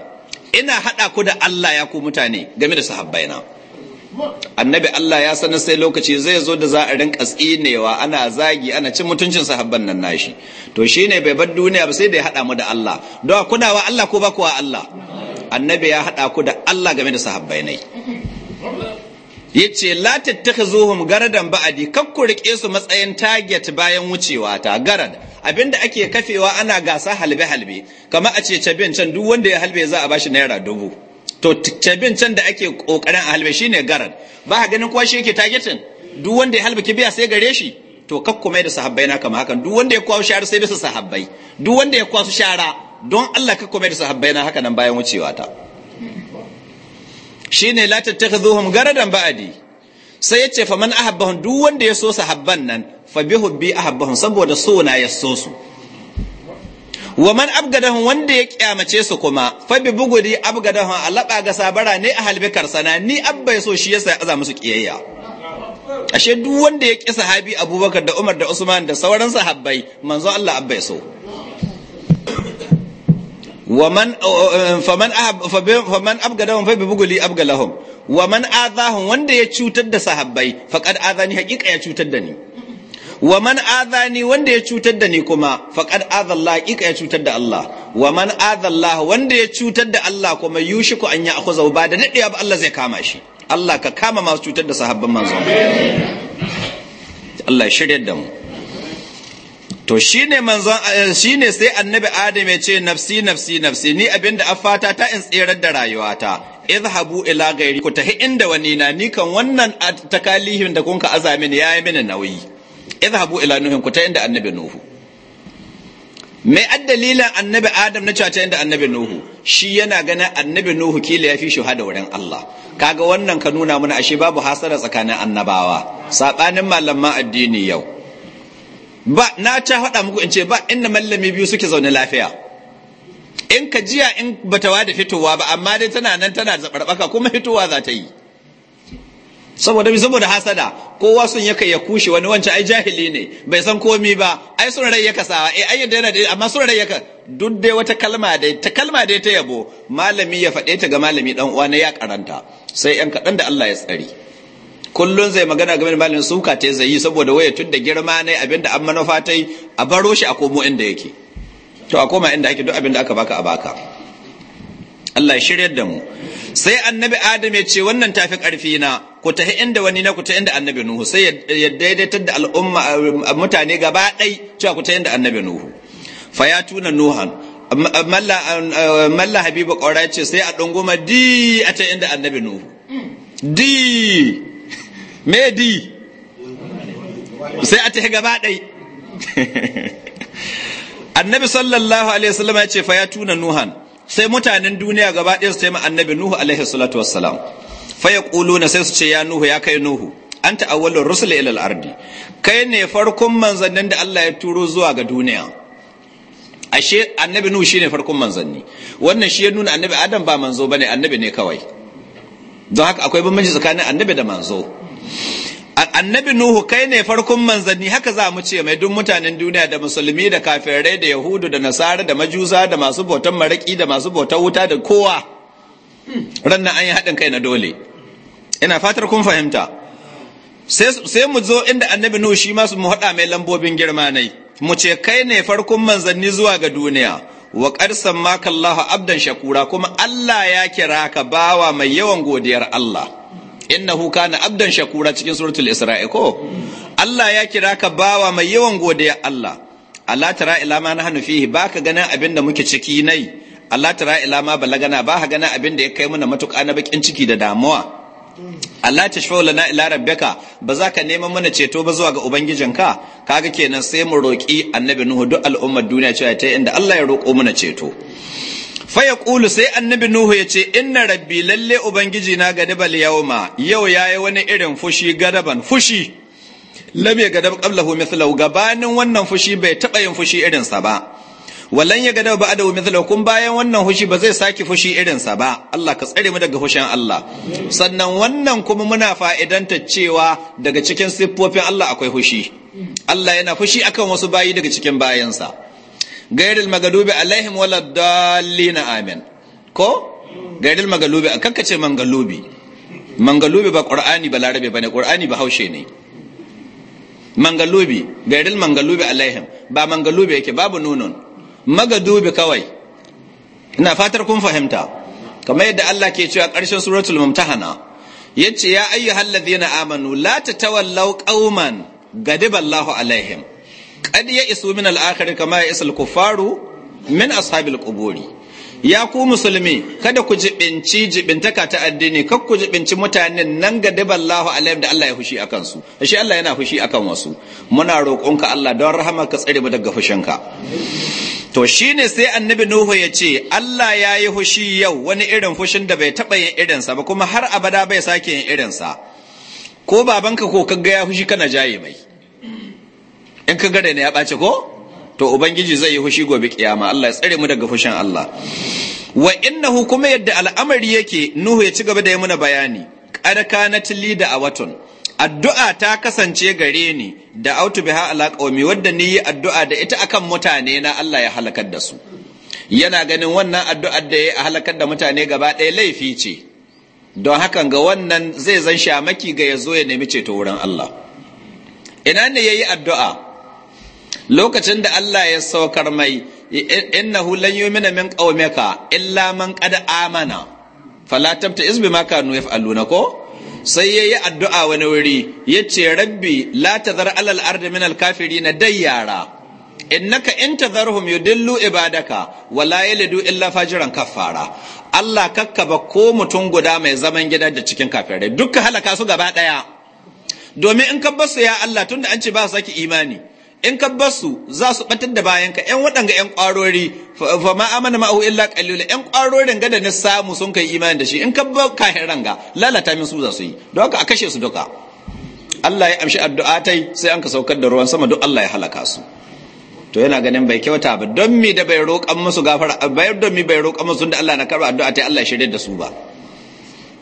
ina hada ku da Allah ya ku mutane game da na. annabi Allah ya sanar sai lokaci zai zo da za a rinka tsinewa ana zagi ana cin mutuncin sahabban nan nashi to shine bai bar duniya ba sai da ya hada mu da Allah don kuna wa Allah ko ba kuwa Allah annabi ya hada ku da Allah game da sahabbai ne yace la tattakhuzuhum garadan ba'adi kakku ku rike su matsayin target bayan wucewa ta garad abinda ake kafewa ana gasa halbe halbe kamar a ce cabin can duk wanda ya halbe za a bashi naira dubu to tabin can da ake kokarin a halbe shine garan ba ka ganin kuwa shi yake targetin duk wanda ya halbe biya sai gare shi to kak kuma da sahabbai na kama hakan duk wanda ya kwaso shara sai bisa sahabbai duk wanda ya kwaso shara don Allah kak kuma da sahabbai na haka bayan wucewa ta shine la tattakhizuhum garadan ba'di sai yace faman ahabbahum duk wanda ya so sahabban nan fa bihubbi ahabbahum saboda so na ya so su wa man abgadahum wanda ya kyamace su kuma fa bi bugudi abgadahum alaba ga sabara ne a halbikar sana ni abbai so shi yasa aza musu kiyayya ashe duk wanda ya ki sahabi abubakar da umar da usman da sauran sahabbai manzo Allah abbai so ومن فمن فمن ابغدهم فببغلي wa man اذاهم wanda ya cutar da sahabbai faqad azani haqiqa ya cutar da ni wa man adhani wanda ya cutar da ni kuma faqad adalla ika ya cutar da Allah wa man adalla wanda ya cutar da Allah kuma yushiku an ya akhuza ba da nadiya ba Allah zai kama shi Allah ka kama masu cutar da sahabban manzo Allah shirya da mu to shine manzo eh, shine sai annabi adam ya ce nafsi nafsi nafsi ni abinda afata ta in tserar da rayuwata izhabu ila gairi ku tahi inda wani na ni kan wannan takalihin da kun ka azamin yayi mini nauyi izhabu ila nuhin ku ta inda annabi nuhu mai addalilan annabi adam na cewa inda annabi nuhu shi yana ganin annabi nuhu kila ya fi shuhada wurin Allah kaga wannan ka nuna mana ashe babu hasara tsakanin annabawa sabanin malaman addini yau ba na ta faɗa muku in ce ba inda mallami biyu suke zaune lafiya in ka jiya in batawa da fitowa ba amma dai tana nan tana zabarbaka kuma fitowa za ta yi saboda bi saboda hasada kowa sun yaka ya kushe wani wancan ai jahili ne bai san komi ba ai sun rai ya kasawa, eh ai yadda yana da amma sun rai ya ka. duk dai wata kalma dai ta kalma dai ta yabo malami ya faɗe ta ga malami dan uwa ne ya karanta sai yan kaɗan da Allah ya tsari kullun zai magana game da malamin suka ta zai yi saboda waya tun da girma ne abinda an manufa tai a baro shi a komo inda yake to a koma inda ake duk abinda aka baka a baka Allah ya shiryar da mu sai annabi adam ya ce wannan tafi karfi na ku tafi inda wani na ku tafi inda annabi nuhu sai ya daidaitar da al'umma mutane gaba ɗai cewa ku tafi inda annabi nuhu fayatuna nuhan malla habibu ƙaura ce sai a ɗunguma di a tafi inda annabi nuhu di me di sai a tafi gaba ɗai annabi sallallahu alaihi wasallam ya ce fayatuna nuhan sai mutanen duniya gaba ɗaya su taimaka annabi nuhu alaihi salatu wassalam fa yaquluna sai su ce ya nuhu ya kai nuhu anta awwalur rusul ila al-ardi kai ne farkon manzannin da Allah ya turo zuwa ga duniya ashe annabi nuhu shine farkon manzanni wannan shi ya nuna annabi adam ba manzo bane annabi ne kawai don haka akwai bambanci tsakanin annabi da manzo annabi nuhu kai ne farkon manzanni haka za mu ce mai duk mutanen duniya da musulmi da kafirai da yahudu da nasara da majusa da masu bautan maraki da masu bautan wuta da kowa hmm. rannan an yi haɗin kai na dole ina fatar kun fahimta sai mu zo inda annabi nuhu shi masu mu haɗa mai lambobin girma nai mu ce kai ne farkon manzanni zuwa ga duniya wa qarsan maka abdan shakura kuma Allah ya kira ka bawa mai yawan godiyar Allah innahu kana abdan shakura cikin suratul isra'i ko Allah ya kira ka bawa mai yawan godiya Allah Allah tara ila ma nahnu fihi baka ganin abin da muke ciki nai Allah tara ila ma balagana ba ka ganin abin da ya kai mana matuƙa na bakin ciki da damuwa Allah ta shafa lana ila rabbika ba za ka neman mana ceto ba zuwa ga ubangijinka kaga kenan sai mu roƙi annabi nuhu duk al'ummar duniya cewa ta inda Allah ya roko mana ceto faya ƙulu sai annabi Nuhu ya ce, Inna rabbi lalle Ubangiji na gadabal yauma, yau ya yi wani irin fushi gadaban fushi, lam ya gadab ƙablahu mislau gabanin wannan fushi bai taɓa yin fushi irinsa ba. Walan ya gadab ba adawu kun bayan wannan fushi ba zai sake fushi irinsa ba, Allah ka tsare mu daga fushin Allah. Sannan wannan kuma muna fa'idanta cewa daga cikin siffofin Allah akwai fushi. Allah yana fushi akan wasu bayi daga cikin bayansa. gairil magalubi alaihim wala dallina amin ko gairil magalubi a kankace mangalubi mangalubi ba qur'ani ba larabe bane qur'ani ba haushe ne mangalubi gairil mangalubi alaihim ba mangalubi yake babu nunun magadubi kawai ina fatar kun fahimta kamar yadda Allah ke cewa ƙarshen suratul mumtahana yace ya ayyuhallazina amanu la tatawallaw qauman gadiba Allahu alaihim kad ya isu min al'akhir kama ya isal kufaru min ashabil quburi ya ku musulmi kada ku jibinci jibintaka ta addini kar ku jibinci mutanen nan ga daballahu alaihim da Allah ya fushi akan su shi Allah yana fushi akan wasu muna roƙonka Allah don rahamar ka tsare mu daga fushinka to shine sai annabi nuhu ya ce Allah ya yi fushi yau wani irin fushin da bai taɓa yin irinsa ba kuma har abada bai sake yin irinsa ko babanka ko kaga ya fushi kana jaye mai in ka gare ne ya ɓace ko to ubangiji zai yi fushi gobe kiyama Allah ya tsare mu daga fushin Allah wa innahu kuma yadda al'amari yake nuhu ya ci gaba da yi mana bayani ka na tilli da watan. addu'a ta kasance gare ni da autu biha ala qaumi wadda ni yi addu'a da ita akan mutane na Allah ya halakar da su yana ganin wannan addu'ar da ya halakar da mutane gaba ɗaya laifi ce don hakan ga wannan zai zan shamaki ga ya zo ya nemi ceto wurin Allah ina ne yayi addu'a lokacin da Allah ya saukar mai innahu lan yu'mina min qaumika illa man qad amana fala tabta izbi ma kanu yaf'aluna ko sai yayi addu'a wani wuri yace rabbi la tazar alal ardi min al na dayyara innaka in tazarhum yudillu ibadaka wala yalidu illa fajiran kafara Allah kakkaba ko mutum guda mai zaman gida da cikin kafirai duka halaka su gaba daya domin in ka ya Allah tunda an ce ba su saki imani in ka su za su batar da bayan ka. yan waɗanga yan ƙwarori fa ma amana ma'ahu illa qalila yan ƙwarorin ga na samu sun kai imani da shi in ka ba kahin ranga lalata min su za su yi don haka a kashe su duka Allah ya amshi addu'a tai sai an ka saukar da ruwan sama duk Allah ya halaka su to yana ganin bai kyauta ba don mi da bai roƙan musu gafara bai don mi bai roƙan musu da Allah na karba tai Allah ya shirye da su ba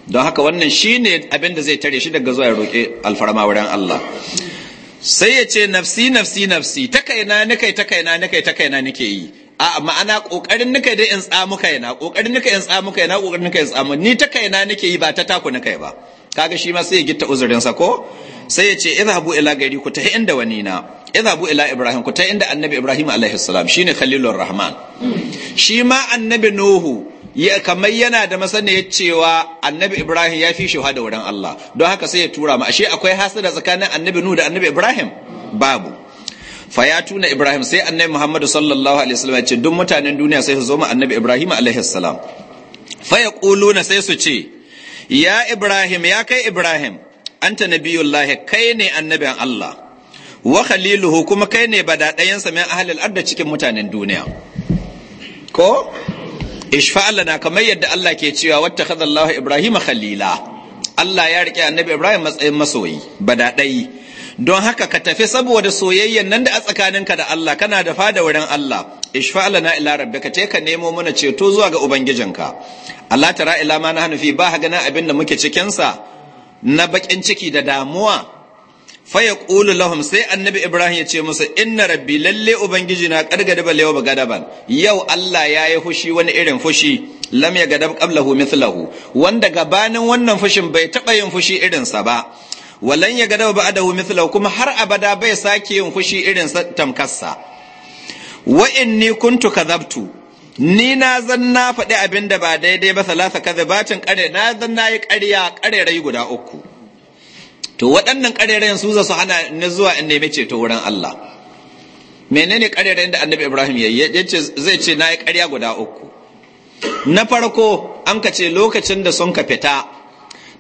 don haka wannan shine abin da zai tare shi daga zuwa ya roƙe alfarma wurin Allah sai ya ce nafsi nafsi nafsi ta kaina nikai ta kaina nikai ta kaina nike yi a ma'ana kokarin nika dai in tsamu kaina kokarin nika in tsamu kaina kokarin nika in tsamu ni ta kaina nike yi ba ta taku nikai ba kaga shi ma sai ya gitta uzurin sa ko sai ya ce idhabu ila gari ku tahi inda wani na idhabu ila ibrahim ku tahi inda annabi ibrahim alaihi salam shine khalilur rahman shi ma annabi nuhu kamar yana da masaniyar cewa annabi ibrahim ya fi shahada wurin allah don haka sai ya tura mu ashe akwai hasada tsakanin annabi nuhu da annabi ibrahim babu Fa ya tuna ibrahim sai annabi muhammadu sallallahu alaihi wasallam ya ce duk mutanen duniya sai su zo mu annabi ibrahim alaihi salam quluna sai su ce ya ibrahim ya kai ibrahim anta nabiyullah kai ne annabin allah wa khaliluhu kuma kai ne badadayansa min ahlil arda cikin mutanen duniya ko ishfa lana kamar yadda Allah ke cewa wata Allah Ibrahim khalila Allah ya rike annabi Ibrahim matsayin masoyi ɗai don haka ka tafi saboda soyayyen nan da a tsakaninka da Allah kana da fada wurin Allah ishfa lana ila rabbika te ka nemo mana ceto zuwa ga ubangijinka Allah tara ila ma na hanufi ba ha gana abin da muke cikinsa na bakin ciki da damuwa faya ƙulu lahum sai annabi ibrahim ya ce musu inna rabbi lalle ubangiji na ƙargada balewa ba gadaban yau allah ya yi fushi wani irin fushi lam ya gadab qablahu mithlahu wanda gabanin wannan fushin bai taɓa yin fushi irinsa ba walan ya gadab ba'dahu mithlahu kuma har abada bai sake yin fushi irinsa tamkassa wa inni kuntu kadhabtu ni na zan na faɗi abin ba daidai ba salasa kaza kare ƙare na zan na yi ƙarya ƙarerai guda uku to waɗannan ƙarerayen su zasu su hana na zuwa in nemi ceto wurin Allah menene ƙarerayen da annabi Ibrahim ya yace zai ce na yi ƙarya guda uku na farko an ka lokacin da sun ka fita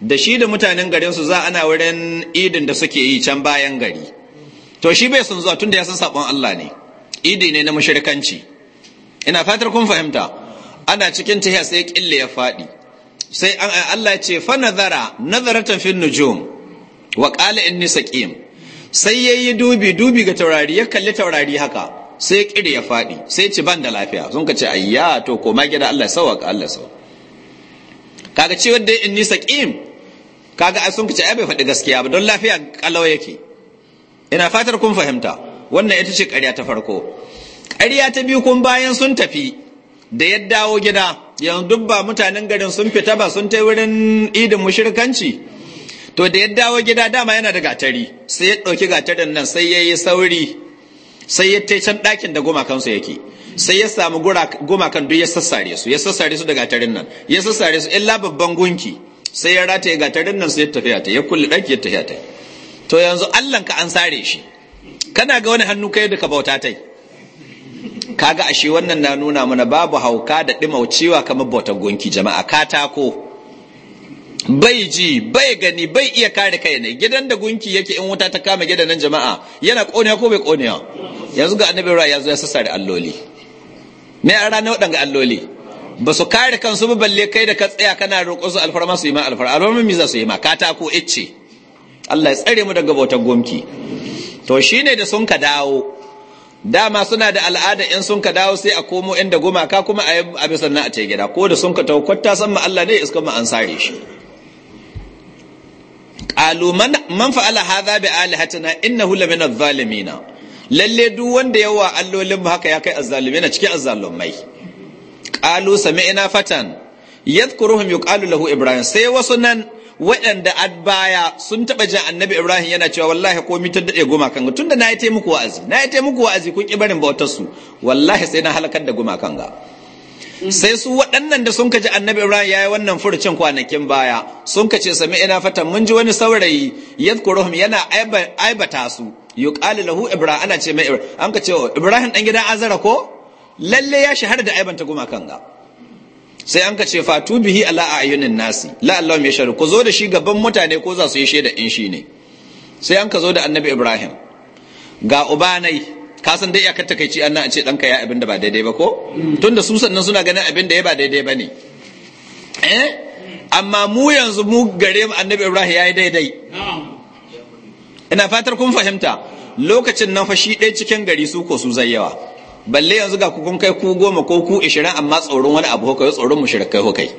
da shi da mutanen garin su za ana wurin idin da suke yi can bayan gari to shi bai sun zuwa tunda ya san sabon Allah ne idi ne na mushrikanci ina fatar kun fahimta ana cikin tahiya sai kille ya faɗi sai an Allah ya ce fa nazara nazaratan fin nujum wa in inni saqim sai ya yi dubi dubi ga taurari ya kalli taurari haka sai ƙiri ya faɗi sai ci ban da lafiya sun ka ce ayya to ma gida Allah sawaka Allah sawa kaga ce wadda in inni saqim kaga sun ka ce ai bai faɗi gaskiya ba don lafiya ƙalawa yake ina fatar kun fahimta wannan ita ce ƙarya ta farko ƙarya ta biyu kun bayan sun tafi da ya dawo gida yanzu duk ba mutanen garin sun fita ba sun ta wurin idin mushrikanci to da ya dawo gida dama yana da gatari sai ya ɗauki gatarin nan sai ya yi sauri sai ya ta can ɗakin da gumakansu yake sai ya samu gumakan duk ya sassare su ya sassare su da gatarin nan ya sassare su illa babban gunki sai ya rataye gatarin nan sai ya tafiya ta ya kulle ɗaki ya tafiya ta to yanzu ka an sare shi kana ga wani hannu kai da ka bauta tai kaga ashe wannan na nuna mana babu hauka da ɗimaucewa kamar bautar gunki jama'a katako bai ji bai gani bai iya kare kai ne gidan da gunki yake in wuta ta kama gidan nan jama'a yana konewa ko bai konewa yanzu ga annabi ra ya zo ya sassare alloli me an rana waɗanga alloli ba su kare kansu ba balle kai da ka tsaya kana roƙo su alfarma su yi ma alfarma alfarma mi za su yi ma katako icce Allah ya tsare mu daga bautar gomki to shine da sun ka dawo dama suna da al'ada in sun ka dawo sai a komo inda gumaka kuma a yi abin sannan a ce gida ko da sun ka kwatta san ma Allah ne iskan mu an sare shi qalu man man fa'ala hadha bi alihatina innahu lamin adh-dhalimin lalle duk wanda yawa allolin mu haka ya kai azzalimina cikin azzalumai qalu sami'na fatan yadhkuruhum yuqalu lahu ibrahim sai wasu nan waɗanda adbaya sun taɓa jin annabi ibrahim yana cewa wallahi komi ta daɗe gumakan tun da na yi taimaku wa'azi na yi taimaku wa'azi kun ƙi barin bautar su wallahi sai na halakar da gumakan ga sai su waɗannan da sun kaji annabi ibrahim ya yi wannan furucin kwanakin baya sun kace sami ina fatan mun ji wani saurayi yadhkuruhum yana aibata su yuqalu lahu ibrahim ana ce mai ibrahim an kace oh, ibrahim dan gidan azara ko lalle ya shahara da aibanta gumakan ga sai an ka fatu bihi ala ayunin nasi la Allah ya sharu ku zo da shi gaban mutane ko za su yi shaida in shi ne sai an ka zo da annabi ibrahim ga ubanai ka san dai iyakar takaici an nan a ce ɗanka ya abin da ba daidai ba ko tunda su sannan suna ganin abin da ya ba daidai ba ne eh amma mu yanzu mu gare mu annabi ibrahim ya yi daidai ina fatar kun fahimta lokacin nan fa shi ɗaya cikin gari su ko su zai yawa balle yanzu ga kun kai ku goma ko ku ishirin amma tsoron wani abu hukai tsoron mushrikai hukai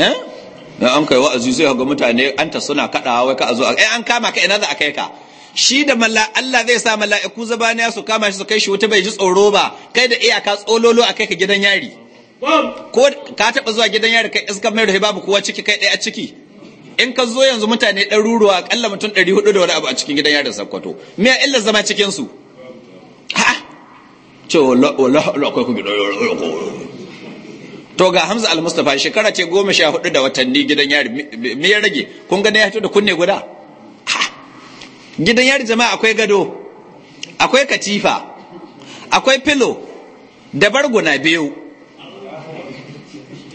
eh an kai wa'azi sai ga mutane anta suna kadawa wai ka a zo eh an kama ka ina za a kai ka shi da mala Allah zai sa mala'iku zabaniya su kama shi su kai shi wuta bai ji tsoro ba kai da iyaka tsololo a kai ka gidan yari ko ka taɓa zuwa gidan yari kai iska mai rahe babu kowa ciki kai ɗaya a ciki in ka zo yanzu mutane ɗaruruwa akalla mutum ɗari hudu da wani abu a cikin gidan yarin sakkwato me ya illa zama cikin su ha ce to ga hamza al-mustafa shekara ce goma sha hudu da watanni gidan yari me ya rage kun ga ya fito da kunne guda gidan yari jama'a akwai gado akwai katifa akwai filo da barguna biyu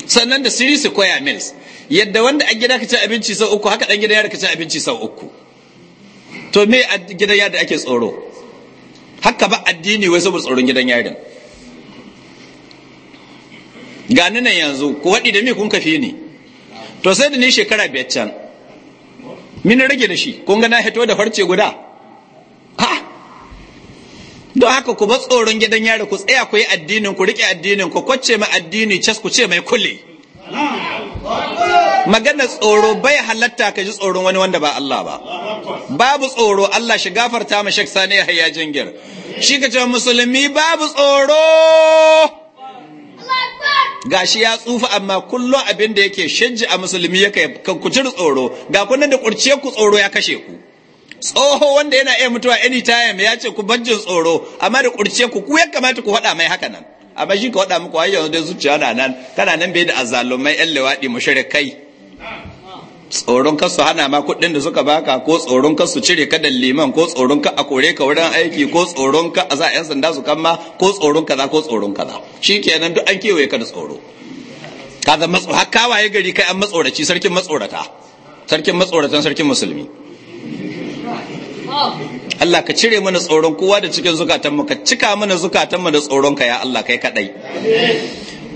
sannan da siri koya mills yadda wanda a gida ka ci abinci sau uku haka dan gidan yari ka ci abinci sau uku to me a gidan yari ake tsoro haka ba addini wai saboda tsoron gidan yarin ga nan yanzu ku haɗi da me kun kafi ni to sai da ni shekara biyar can min rage da shi kun ga na hito da farce guda ha don haka ku bar tsoron gidan yari ku tsaya ku yi addinin ku rike addinin ku kwace mai addini cas ku ce mai kulle magana tsoro bai halatta ka ji tsoron wani wanda ba Allah ba babu tsoro Allah shi gafarta ma shek Sani Yahaya Jingir shi ka ce musulmi babu tsoro gashi ya tsufa amma kullum abin da yake shajji a musulmi ya kan ku tsoro ga kunan da kurciye ku tsoro ya kashe ku tsoho wanda yana iya mutuwa anytime ya ce ku bajin tsoro amma da kurciye ku ku ya kamata ku faɗa mai haka nan amma shi ka faɗa muku har yanzu dai zuciya na nan kana nan bai da azzalumai yan lewaɗi mashirikai tsoron ka su hana ma kuɗin da suka baka ko tsoron ka su cire ka da liman ko tsoron ka a kore ka wurin aiki ko tsoron ka a za yan sanda su kama ko tsoron kaza ko tsoron kaza kenan duk an kewaye ka da tsoro ka zama matso har kawaye gari kai an matsoraci sarkin matsorata sarkin matsoratan sarkin musulmi Allah ka cire mana tsoron kowa da cikin mu ka cika mana mu da tsoron ka ya Allah kai kadai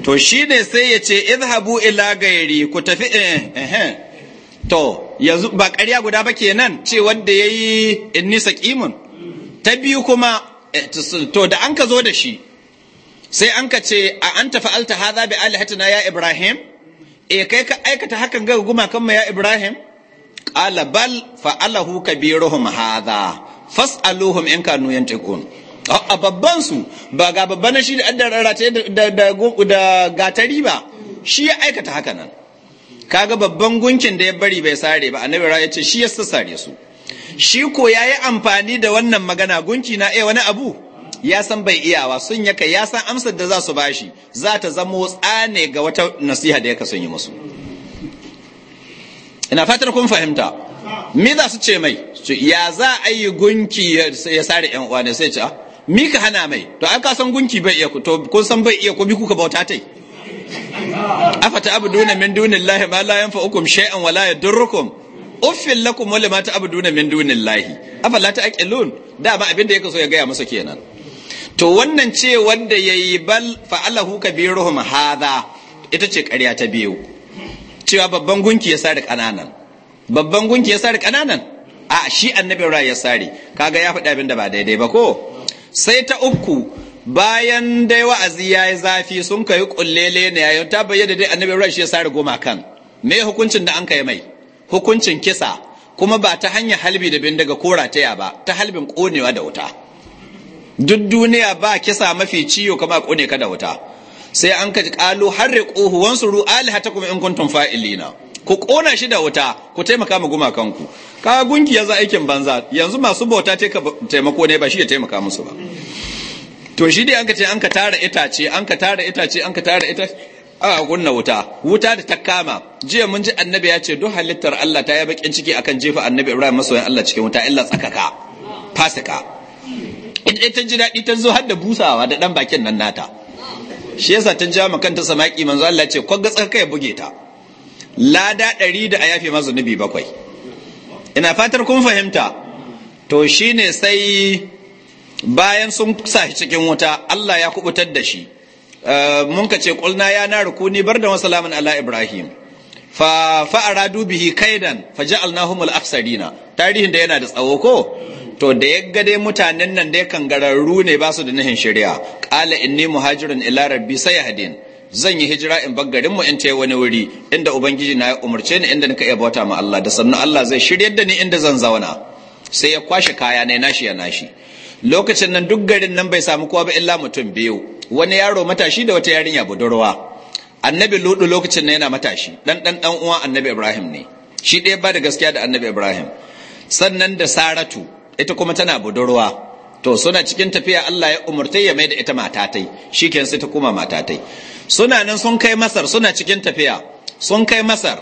to shine sai ya ce idhabu ila gairi ku tafi eh eh, eh. to yanzu ba ƙarya guda ba kenan ce wanda ya yi inni saƙimun ta biyu kuma to da an ka zo da shi sai an ka ce a an tafi alta haza bi alihatina ya ibrahim e kai ka aikata hakan ga gumakan ya ibrahim qala bal fa'alahu kabiruhum hadha fas'aluhum in kanu yantakun a babban su ba ga babban shi da da gatari ba shi ya aikata nan. kaga babban gunkin da ya bari bai sare ba annabi ra yace shi ya sare su shi ko yayi amfani da wannan magana gunki na eh wani abu ya san bai iyawa sun yaka ya san amsar da za su bashi za ta zamo tsane ga wata nasiha da yaka sun yi musu ina fatar kun fahimta me za su ce mai ya za a yi gunki ya sare yan uwa ne sai ce ah, mi ka hana mai to an ka san gunki bai iya to kun san bai iya ko bi kuka bauta tai afata abduna min dunillahi ma la yanfa'ukum shay'an wa la yadurrukum uffil lakum wa lima ta'buduna min dunillahi afala ta'qilun da ba abinda da yake so ya gaya musu kenan to wannan ce wanda yayi bal fa'alahu kabiruhum hadha ita ce ƙarya ta biyu cewa babban gunki ya sare kananan babban gunki ya sare kananan a shi annabin ra ya sare kaga ya faɗi abinda ba daidai ba ko sai ta uku bayan dai wa'azi ya yi zafi sun kai kullele ne yayin ta bayyana dai annabi rashi ya sare goma kan me hukuncin da an kai mai hukuncin kisa kuma ba ta hanyar halbi da bindiga ko rataya ba ta halbin konewa da wuta duk duniya ba kisa mafi ciyo kama kone ka da wuta sai an ka kalu harriquhu wansuru alihatakum in kuntum fa'ilina ku kona shi da wuta ku taimaka mu ma gumakanku ka gunki ya za aikin banza yanzu masu bauta taimako ne ba shi ya taimaka musu ba to shi dai an ka ce an ka tara itace an ka tara itace an ka tara itace a kunna wuta wuta da ta kama jiya mun ji annabi ya ce duk halittar Allah ta yi bakin ciki akan jefa annabi Ibrahim masoyan Allah cikin wuta illa tsakaka fasika ita ji daɗi ta zo har da busawa da ɗan bakin nan nata shi yasa ta ja kanta samaki manzo Allah ce kwagga tsaka ya buge ta lada ɗari da a yafe mazunubi bakwai ina fatar kun fahimta to shine sai bayan sun sa shi cikin wuta Allah ya kubutar da shi eh, mun ka ce kulna ya na rukuni bar da wasalamin ala ibrahim fa aradu bihi kaidan fa al aksarina tarihin da yana da tsawo ko to da ya ga dai mutanen nan da ya kangararru ne ba su da nihin shari'a qala inni muhajirun ila rabbi sayahdin zan yi hijira in bar garin mu in tayi wani wuri inda ubangiji na ya umarce ni inda nika iya bauta ma Allah da sannan Allah zai shiryar da ni inda zan zauna sai ya kwashe kaya ne nashi ya nashi lokacin nan duk garin nan bai samu kowa ba illa mutum biyu wani yaro matashi da wata yarinya budurwa annabi ludu lokacin nan yana matashi dan dan dan uwan annabi ibrahim ne shi ɗaya ba da gaskiya da annabi ibrahim sannan da saratu ita kuma tana budurwa to suna cikin tafiya Allah ya umurta ya mai da ita matatai shikenan sai ta kuma matatai suna nan sun kai masar suna cikin tafiya sun kai masar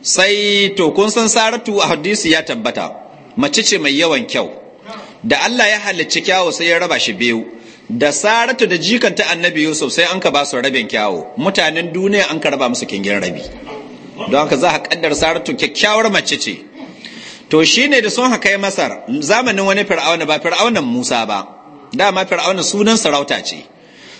sai to kun san saratu a hadisi ya tabbata mace ce mai yawan kyau da Allah ya halicci kyawu sai ya raba shi biyu da saratu da jikanta annabi yusuf sai an ka ba su rabin kyawu mutanen duniya an ka raba musu kingin rabi don haka za a kaddar saratu kyakkyawar mace ce to shine da sun haka masar zamanin wani fir'auna ba fir'aunan musa ba dama fir'auna sunan sarauta ce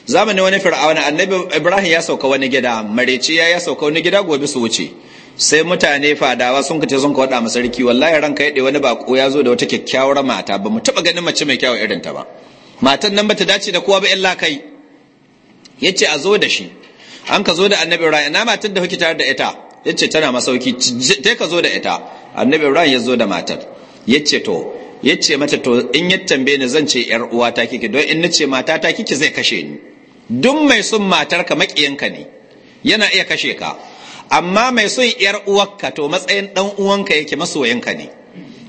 zamanin wani fir'auna annabi ibrahim ya sauka wani gida mareci ya sauka wani gida gobe su wuce sai mutane fadawa sun kace sun ka wada masa sarki wallahi ranka yade wani bako ya zo da wata kyakkyawar mata ba mu taba ganin mace mai kyau irin ta ba matan nan bata dace da kowa ba illa kai yace a zo da shi an ka zo da annabi ibrahim na matan da kuke tare da ita yace tana masauki sai ka zo da ita annabi ibrahim ya zo da matar yace to yace mata to in ya tambaye ni zan ce yar uwa ta kike don in nace mata ta kike zai kashe ni duk mai son matarka makiyanka ne yana iya kashe ka amma mai son yar uwarka to matsayin dan uwanka yake masoyinka ne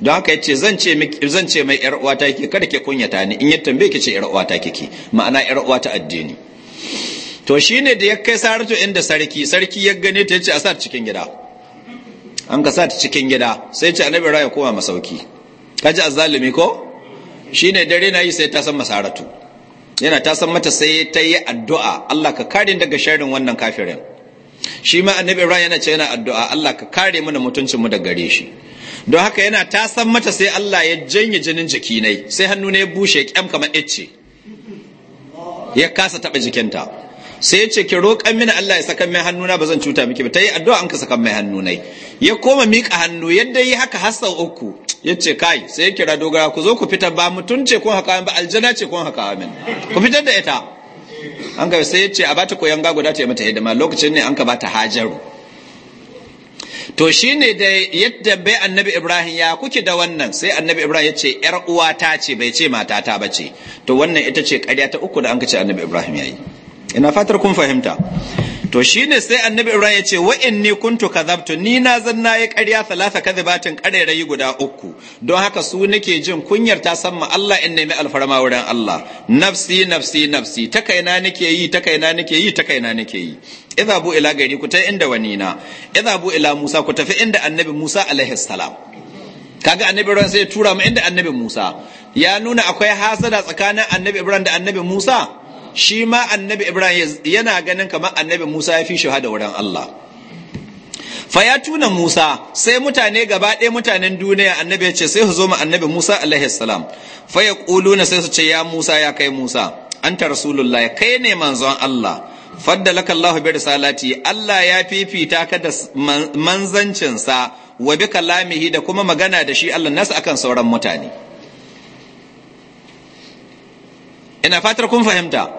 don haka yace zan ce zan ce mai yar uwata yake kada ke kunyata ni in ya tambaye ki ce yar uwata kike ma'ana yar uwata addini to shine da ya kai saratu inda sarki sarki ya gane ta yace a sa cikin gida an ka sa ta cikin gida sai ce annabi ya koma masauki kaji azzalimi ko shine dare na yi sai ta san masaratu yana ta san mata sai ta yi addu'a Allah ka kare daga sharrin wannan kafirin shi ma annabi ibrahim yana ce yana addu'a Allah ka kare mana mutuncin mu da gare shi don haka yana ta san mata sai Allah ya janye jinin jikinai sai hannu ne ya bushe kyam kamar icce ya kasa taba jikinta sai ya ce ki roƙan mini Allah ya saka mai hannuna ba zan cuta miki ba ta yi addu'a an ka saka mai hannunai ya koma miƙa hannu yadda yi haka har sau uku ya ce kai sai ya kira dogara ku zo ku fitar ba mutunce kun haka ba aljana ce kun haka amin. ku fitar da ita an ka sai ce a ba ta koyan ga guda ta yi mata hidima lokacin ne an ka ta hajaru to shine da yadda bai annabi ibrahim ya kuke da wannan sai annabi ibrahim yace ce yar uwa ta ce bai ce mata ta bace to wannan ita ce ƙarya ta uku da an ka ce annabi ibrahim ya yi ina fatar kun fahimta to shine sai annabi ibrahim ya ce wa inni kuntu kadhabtu ni na zan na yi ƙarya salasa kadhibatin ƙarairayi guda uku don haka su nake jin kunyar ta san ma Allah in nemi alfarma wurin Allah nafsi nafsi nafsi ta kaina nake yi ta kaina nake yi ta kaina nake yi idza bu ila gari ku ta inda wani na idza bu ila musa ku tafi inda annabi musa alaihi salam kaga annabi ibrahim sai ya tura mu inda annabi musa ya nuna akwai hasada tsakanin annabi ibrahim da annabi musa shi ma annabi ibrahim yana ganin kamar annabi musa ya fi shahada wurin allah tuna musa sai mutane gaba ɗaya mutanen duniya annabi ya ce sai su zo ma annabi musa alaihi salam faya ƙuluna sai su ce ya musa ya kai musa anta rasulullah kai ne manzon allah Fadda allah bi risalati allah ya fifita ka da manzancinsa wa bi kalamihi da kuma magana da shi allah nasu akan sauran mutane ina fatar kun fahimta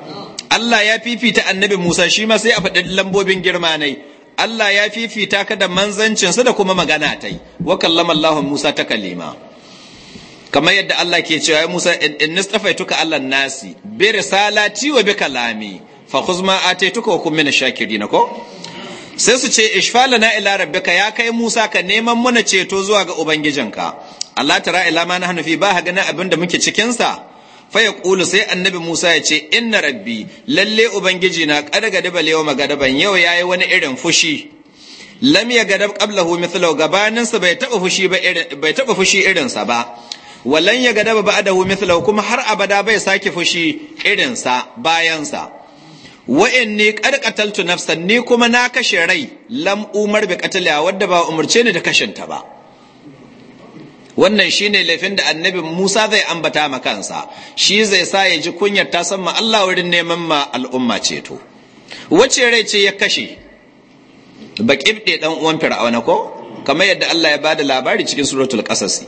Allah ya fifita annabi Musa shi ma sai a faɗi lambobin girma nai Allah ya fifita ka da manzancinsa da kuma magana ta yi wa kallama Allah Musa ta kalima kamar yadda Allah ke cewa ya Musa in tuka Allah nasi bi risalati wa bi kalami fa khuz ma tuka wa kun min shakirin ko sai su ce ishfalana ila rabbika ya kai Musa ka neman muna ceto zuwa ga ubangijinka Allah tara ila ma nahnu fi ba ha ganin abin muke cikin sa Faya ƙulu sai annabi musa ya ce inna rabbi lalle ubangiji na ƙarga daba lewa magadaban yau ya yi wani irin fushi lam ya gadab qablahu mithlahu gabaninsa bai taɓa fushi ba bai taɓa fushi irinsa ba walan ya gadaba ba'dahu mithlahu kuma har abada bai sake fushi irinsa bayansa wa inni qad nafsan ni kuma na kashe rai lam umar bi qatliha wadda ba umurce ni da kashinta ba wannan shine laifin da annabi Musa zai ambata ma kansa shi zai sa ya ji kunyar ta san ma Allah wurin neman ma al'umma ceto wace rai ce ya kashe kibde ɗan uwan fir'auna ko kamar yadda Allah ya bada labari cikin suratul qasas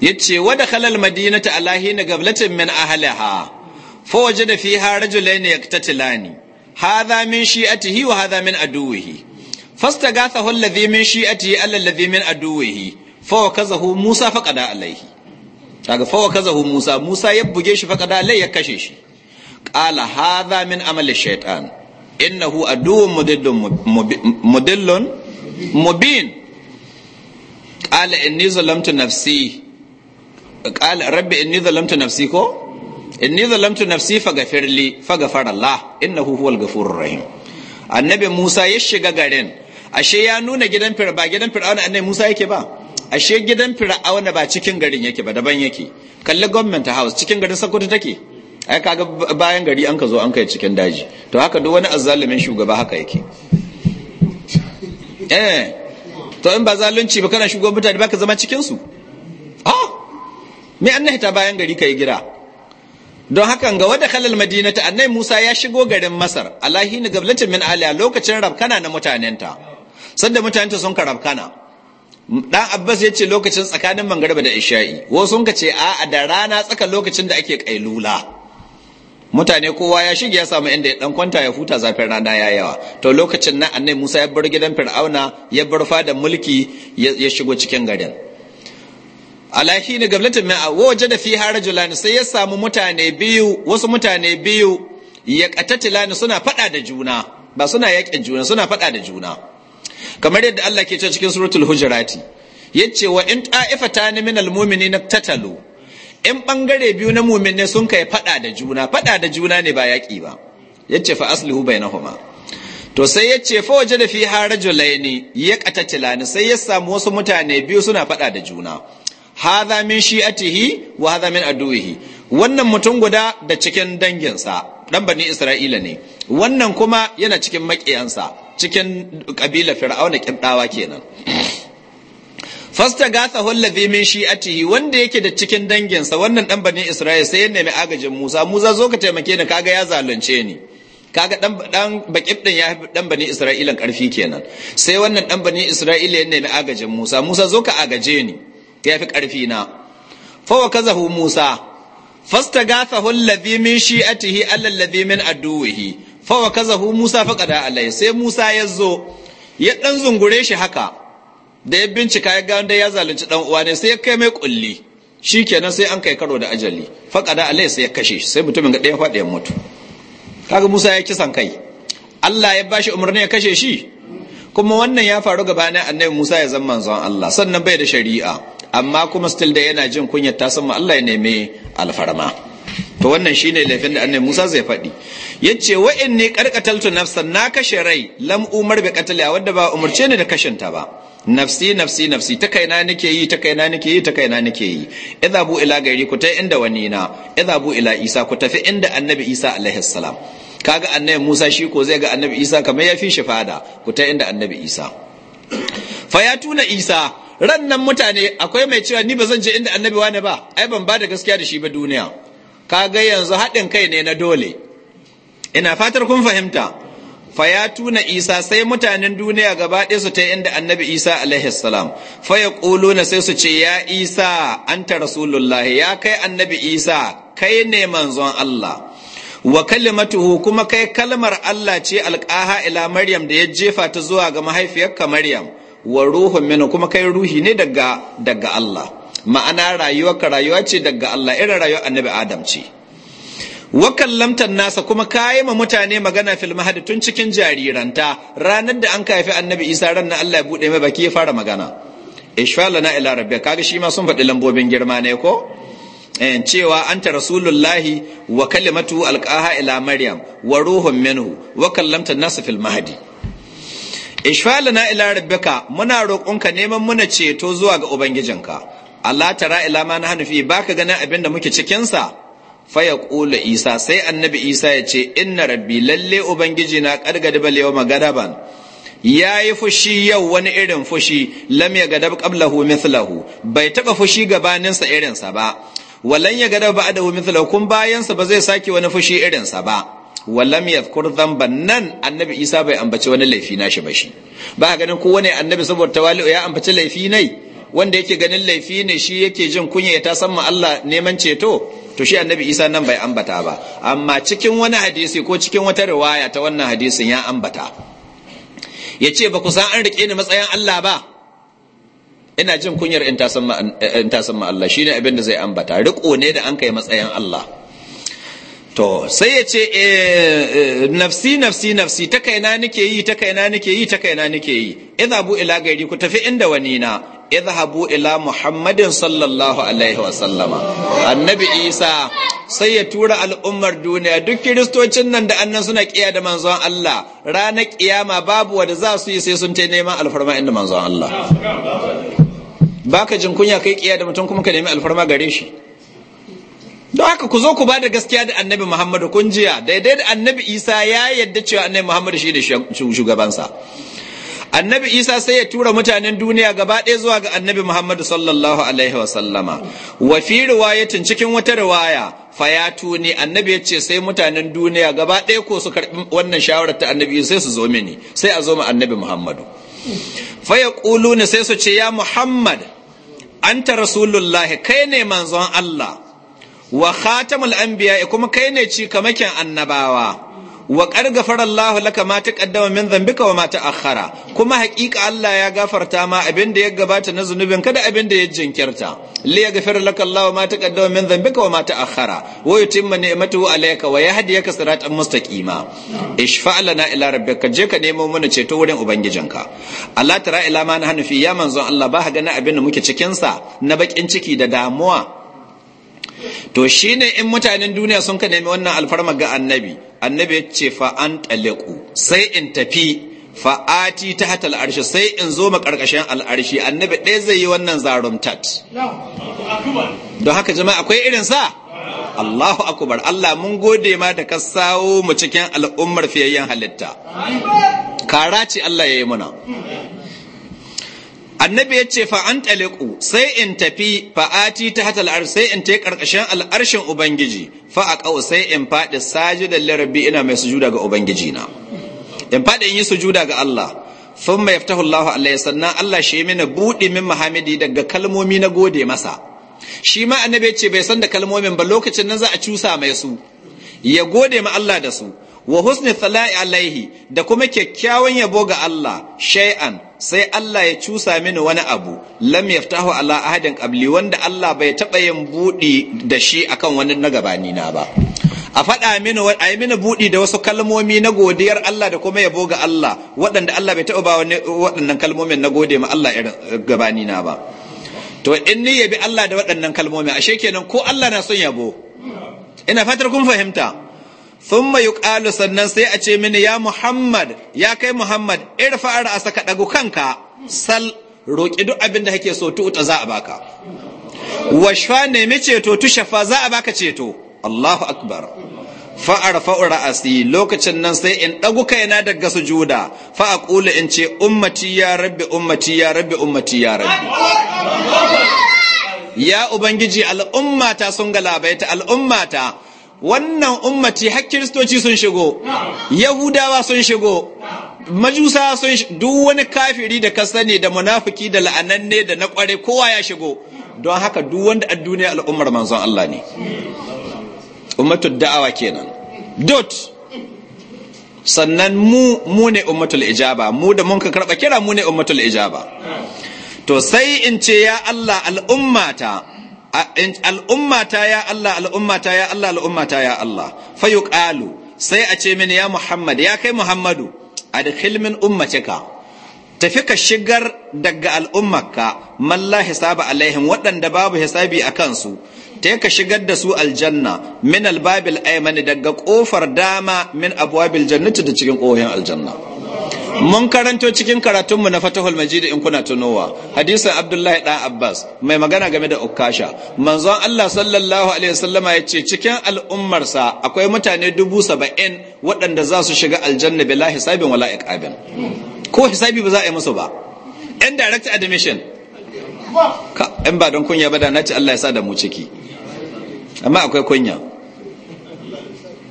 yace wa dakhala al madinata ala hina gablatin min ahliha fa wajada fiha rajulain yaqtatilani hadha min shi'atihi wa hadha min aduwihi fastagathahu alladhi min shi'atihi alladhi min aduwihi fawa kazahu musa faqada alaihi daga fawa kazahu musa musa ya buge shi faqada alaihi ya kashe shi qala hadha min amali shaytan innahu aduwwun mudillun mudillun mubin qala inni zalamtu nafsi Ƙala rabbi inni zalamtu nafsi ko inni zalamtu nafsi faghfirli faghfara Allah innahu huwal ghafurur rahim annabi Musa ya shiga garin ashe ya nuna gidan firba gidan fir'auna annabi Musa yake ba ashe gidan fir'auna ba cikin garin yake ba daban yake kalli government house cikin garin sokoto take ai kaga bayan gari an ka zo an kai cikin daji to haka duk wani azzalumin shugaba haka yake eh to in ba zalunci ba kana shugaban mutane ba ka zama cikin su ah me annahi ta bayan gari kai gida don hakan ga wadda kalal madinata annai musa ya shigo garin masar alahi ni gablatin min aliya lokacin rabkana na mutanenta sanda mutanenta sun ka rabkana dan abbas ya ce lokacin tsakanin mangaraba da isha'i wasu ka ce a da rana tsaka lokacin da ake kailula mutane kowa ya shige ya samu inda ya dan kwanta ya huta zafin rana ya yawa to lokacin nan annai musa ya bar gidan fir'auna ya bar fada mulki ya shigo cikin garin alahi ne gablatin mai a waje da fi harajulani sai ya samu mutane biyu wasu mutane biyu ya katatilani suna fada da juna ba suna yakin juna suna fada da juna kamar yadda Allah ke cewa cikin suratul hujurati yace wa in ta'ifatan min almu'minin tatalu in bangare biyu na mu'minne sun kai fada da juna fada da juna ne ba yaki ba yace fa aslihu bainahuma to sai yace fa waje da fi harajulaini ya katatilani sai ya samu wasu mutane biyu suna fada da juna hadha min shi'atihi wa hadha min aduwihi wannan mutum guda da cikin danginsa dan bani isra'ila ne wannan kuma yana cikin makiyansa cikin kabila fir'auna kibdawa kenan fasta gasa hullazi min shi'atihi wanda yake da cikin danginsa wannan dan bani isra'il sai ya nemi agajin musa musa zo ka taimake ni kaga ya zalunce ni kaga dan dan bakib din ya dan bani isra'ilan karfi kenan sai wannan dan bani isra'ila ya nemi agajin musa musa zo ka agaje ni ya fi karfi na fa wa kazahu musa fasta gasa hullazi min shi'atihi allazi min aduwihi fawa kazahu Musa faqada Allah sai Musa ya zo ya dan zungure shi haka da ya bincika ya ga wanda ya zalunci dan uwa ne sai ya kai mai kulli shikenan sai an kai karo da ajali faqada Allah sai ya kashe shi sai mutumin ga ɗaya faɗi ya mutu kaga Musa ya kisan kai Allah ya bashi umarni ya kashe shi kuma wannan ya faru gabanin annabi Musa ya zama manzon Allah sannan bai da shari'a amma kuma still da yana jin kunyar ta Allah ya neme alfarma to wannan shine laifin da annabi Musa zai faɗi yace wa ne karkataltu nafsan na kashe rai lam umar bi qatliha wadda ba umarce ni da kashinta ba nafsi nafsi nafsi ta kaina nake yi ta kaina nake yi ta kaina nake yi bu ila gairi ku ta inda wani na bu ila isa ku tafi inda annabi isa alaihi salam kaga annabi musa shi ko zai ga annabi isa kamar ya fi shi fada ku ta inda annabi isa fayatuna isa ran nan mutane akwai mai cewa ni ba zan je inda annabi wane ba ai ban ba da gaskiya da shi ba duniya kaga yanzu haɗin kai ne na dole ina fatar kun fahimta fa ya tuna isa sai mutanen duniya gaba ɗaya su ta inda annabi isa alaihi salam fa ya na sai su ce ya isa anta rasulullahi ya kai annabi isa kai ne manzon allah wa kalimatuhu kuma kai kalmar allah ce alƙaha ila maryam da ya jefa ta zuwa ga mahaifiyarka maryam wa ruhun minu kuma kai ruhi ne daga allah ma'ana rayuwarka rayuwa ce daga allah irin rayuwa annabi adam ce wa kallamtan nasa kuma kayi ma mutane magana fil mahadi tun cikin jariranta ranar da an kaifi annabi isa ran na Allah ya bude mai baki ya fara magana na ila rabbika kaga shi ma sun faɗi lambobin girma ne ko eh, cewa anta rasulullahi wa kalimatu alqaha ila maryam wa ruhun minhu wa kallamta nasa fil mahdi na ila rabbika muna roƙonka neman muna ceto zuwa ga ubangijinka Allah tara ila ma na hanufi baka ganin abin da muke cikin sa faya ƙula isa sai annabi isa ya ce inna rabbi lalle ubangiji na ƙargadi bal yau magadaban ya yi fushi yau wani irin fushi lam ya gadab qablahu mithlahu bai taɓa fushi gabaninsa irinsa ba walan ya gadab ba'dahu mithlahu kun bayansa ba zai sake wani fushi irinsa ba walam yadhkur dhanban nan annabi isa bai ambaci wani laifi nashi ba shi ba ganin ko wani annabi saboda tawali'u ya ambaci laifi nai wanda yake ganin laifi ne shi yake jin kunya ya ta san ma Allah neman ceto to shi annabi isa nan bai ambata ba amma cikin wani hadisi ko cikin wata riwaya ta wannan hadisin ya ambata ya ce ba ku san an riƙe ni matsayin allah ba ina jin kunyar in ta san Allah shine abin da zai ambata riko ne da an kai matsayin Allah to sai ya ce eh, eh, nafsi nafsi nafsi ta kaina nake yi ta kaina nake yi ta kaina nake yi idza bu ila gari ku tafi inda wani na idhabu ila muhammadin sallallahu alaihi wasallama annabi isa sai ya tura al'ummar duniya duk kiristocin nan da annan suna kiya da manzon Allah ranar kiyama babu wanda za su yi sai sun ta neman alfarma inda manzon Allah baka jin kunya kai kiya da mutum kuma ka nemi alfarma gare shi don haka ku zo ku bada gaskiya da annabi muhammadu kun jiya daidai da annabi isa ya yadda cewa annabi muhammadu shi da shugabansa annabi isa sai ya tura mutanen duniya gaba ɗaya zuwa ga annabi muhammadu sallallahu alaihi wasallama wa fi riwayatin cikin wata riwaya fayatu ne annabi ya ce sai mutanen duniya gaba ɗaya ko su karɓi wannan shawarar ta annabi sai su zo mini sai a zo ma annabi muhammadu faya ƙulu ne sai su ce ya muhammad anta rasulullahi kai ne manzon allah wa khatamul anbiya kuma kai ne cikamakin annabawa wa qad ghafarallahu laka ma taqaddama min dhanbika wa ma akhara, kuma haƙiƙa Allah ya gafarta ma abin da ya gabata na zunubin kada abin da ya jinkirta li gafar laka Allahu ma taqaddama min dhanbika wa ma ta'akhkhara wa yutimma ni'matahu alayka wa yahdiyaka siratan mustaqima ishfa' lana ila rabbika je ka nemo mana ceto wurin ubangijinka Allah tara ila ma na hanfi ya manzon Allah ba ha na abin da muke cikin sa na bakin ciki da damuwa to shine in mutanen duniya sun ka nemi wannan alfarma ga annabi annabi ya ce fa an sai in tafi fa'ati ta tahtal arshi sai in zo ma karkashin al'arshi annabi ɗaya zai yi wannan zarumtat don haka jama'a akwai irin sa Allahu akubar Allah mun gode ma da ka sawo mu cikin al'ummar fiyayyen halitta kara ce Allah ya yi muna annabi ya ce fa an taliku sai in tafi fa'ati ta hata ar sai in tai karkashin al'arshin ubangiji fa a kawo sai in saji sajidan larabi ina mai sujuda ga ubangiji na in faɗi in yi sujuda ga Allah thumma yaftahu Allah ya sannan Allah shi mina buɗe min muhammadi daga kalmomi na gode masa shi ma annabi ya ce bai san da kalmomin ba lokacin nan za a cusa mai su ya gode ma Allah da su wa husni sala'i alaihi da kuma kyakkyawan yabo ga Allah shay'an sai Allah ya cusa mini wani abu lam yaftahu ala ahadin qabli wanda Allah bai taba yin budi da shi akan wani na gabani na ba a faɗa mini a yi mini buɗi da wasu kalmomi na godiyar Allah da kuma yabo ga Allah waɗanda Allah bai taba ba waɗannan kalmomin na gode ma Allah irin eh, gabani na ba to in ni bi Allah da waɗannan kalmomi ashe kenan ko Allah na son yabo ina fatar kun fahimta mayu ƙalu sannan sai a ce mini ya Muhammad ya kai Muhammad irfa ra'asa ka ɗagu kanka sal roƙi duk abin da kake so tuta za a baka washfa nemi ceto tu shafa za a baka ceto Allahu akbar fa'ar fa'ur ra'asi lokacin nan sai in ɗagu kaina daga sujuda fa'a ƙula in ce ummati ya rabbi ummati ya rabbi ummati ya rabbi ya ubangiji al'ummata sun galabaita al'ummata wannan ummati har kiristoci sun shigo yahudawa sun shigo majusa sun duk wani kafiri da ka sani da munafiki da la'ananne da na kware kowa ya shigo don haka duk wanda a duniya al'ummar manzon Allah ne ummatul da'awa kenan dot sannan mu mu ne ummatul ijaba mu da mun ka karba kira mu ne ummatul ijaba to sai in ce ya Allah al'ummata al'ummata ya Allah al'ummata ya Allah al'ummata ya Allah fa ƙalu, sai a ce mini ya Muhammad ya kai Muhammadu adkhil min ummatika tafi ka shigar daga al'ummaka, malla malla hisaba alaihim waɗanda babu hisabi a kansu ta ka shigar da su aljanna min albabil aimani daga ƙofar dama min abwabil jannati da cikin kohin aljanna mun karanto cikin karatunmu na fatahul majid in kuna tunowa hadisin abdullahi dan abbas mai magana game da ukasha manzon allah sallallahu alaihi wasallama ya ce cikin al'ummarsa akwai mutane dubu saba'in waɗanda za su shiga aljanna bila hisabin wala iqabin ko hisabi ba za a yi musu ba yan direct admission in ba don kunya ba da na ce allah ya sa da mu ciki amma akwai kunya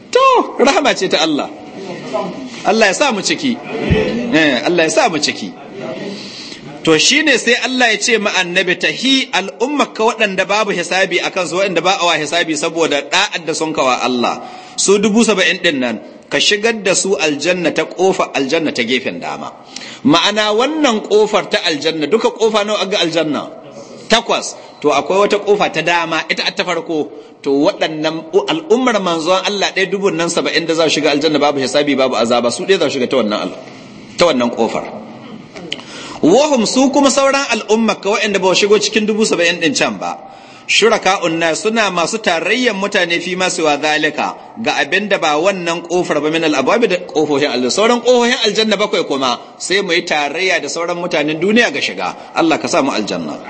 to rahama ce ta allah Allah ya sa mu ciki eh, Allah ya sa mu ciki to ne sai Allah ya ce ma annabi hi al'ummaka waɗanda babu hisabi a kansu waɗanda ba a wa hisabi saboda da'ad da sun kawa Allah su dubu saba'in din nan ka shigar da su aljanna ta ƙofa aljanna ta gefen dama ma'ana wannan ƙofar ta aljanna duka kofa nawa ga aljanna takwas to akwai wata kofa ta dama ita ta farko to waɗannan al'ummar manzon Allah ɗaya dubun nan saba'in da za su shiga aljanna babu hisabi babu azaba su ɗaya za su shiga ta wannan ta wannan kofar wahum su kuma sauran al'umma ka waɗanda ba shigo cikin dubu saba'in ɗin can ba shuraka unna suna masu tarayyan mutane fi masu wa zalika ga abinda ba wannan kofar ba min al'ababi da kofofin aljanna sauran kofofin aljanna bakwai kuma sai mu yi tarayya da sauran mutanen duniya ga shiga Allah ka sa mu aljanna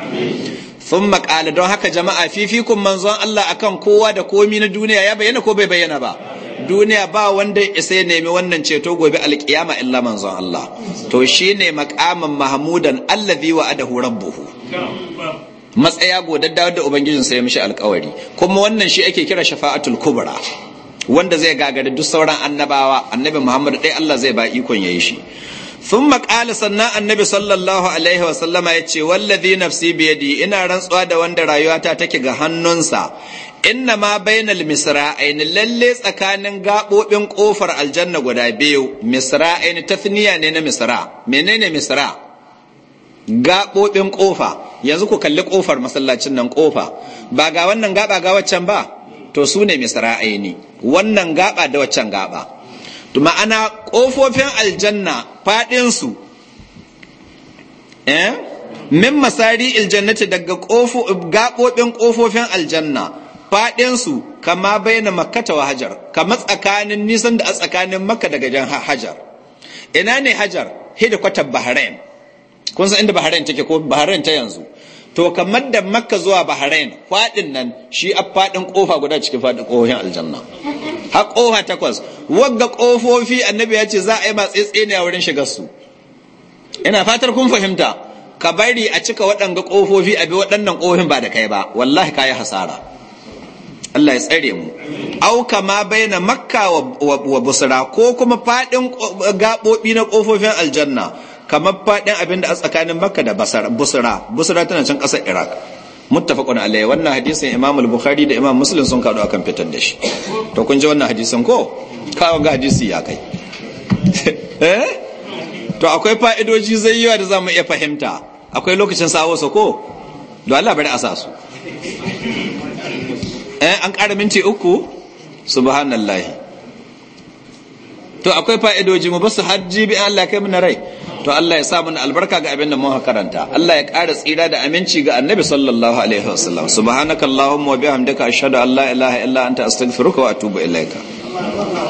sun maƙala don haka jama'a fifikun manzon Allah akan kowa da komi na duniya ya bayyana ko bai bayyana ba duniya ba wanda ya isa nemi wannan ceto gobe alƙiyama illa manzon Allah to ne makaman mahmudan allazi wa'adahu rabbuhu matsaya godadda da ubangijin sai ya mishi alƙawari kuma wannan shi ake kira shafa'atul kubra wanda zai gagari duk sauran annabawa annabi Muhammad dai Allah zai ba ikon yayi shi sun maƙala sannan annabi sallallahu alaihi wasallama ya ce wallazi nafsi biyadi ina rantsuwa da wanda rayuwata take ga hannunsa inna ma bainar misra'ain lalle tsakanin gaɓoɓin ƙofar aljanna guda biyu misra'ain tafniya ne na misra menene misra gaɓoɓin ƙofa yanzu ku kalli ƙofar masallacin nan ƙofa ba ga wannan gaɓa ga waccan ba to su ne misra'aini wannan gaɓa da waccan gaɓa to ma'ana ƙofofin aljanna faɗinsu eh min masari iljannati daga gaɓoɓin ƙofofin aljanna faɗinsu kama bayyana makkata wa hajar kama tsakanin nisan da a tsakanin makka daga jan hajar ina ne hajar hidda kwatar bahrain kun san inda bahrain take ko bahrain ta yanzu to kamar da makka zuwa bahrain fadin nan shi a fadin kofa guda cikin fadin kofofin aljanna ha kofa takwas wagga kofofi annabi ya ce za a yi matsetse ne a wurin shigar su ina fatar kun fahimta ka bari a cika waɗanga kofofi a bi waɗannan kofin ba da kai ba wallahi ka hasara Allah ya tsare mu au kama baina makka wa busra ko kuma fadin gaɓoɓi na kofofin aljanna kamar faɗin abin da a tsakanin makka da busra busra tana can ƙasar iraq muttafaqun alayhi wannan hadisin imam al-bukhari da imam muslim sun kaɗu akan fitar da shi to kun ji wannan hadisin ko kawo ga hadisi ya kai eh to akwai fa'idoji zai yiwa da zamu iya fahimta akwai lokacin sawo sa ko don Allah bari a sa su eh an ƙara minti uku subhanallahi to akwai fa'idoji mu basu hajji bi Allah kai mu na rai to Allah ya sa mana albarka ga abin da mun karanta Allah ya ƙara tsira da aminci ga annabi sallallahu alaihi wasallam subhanakallahumma wa bihamdika ashhadu an la ilaha illa anta astaghfiruka wa atubu ilaika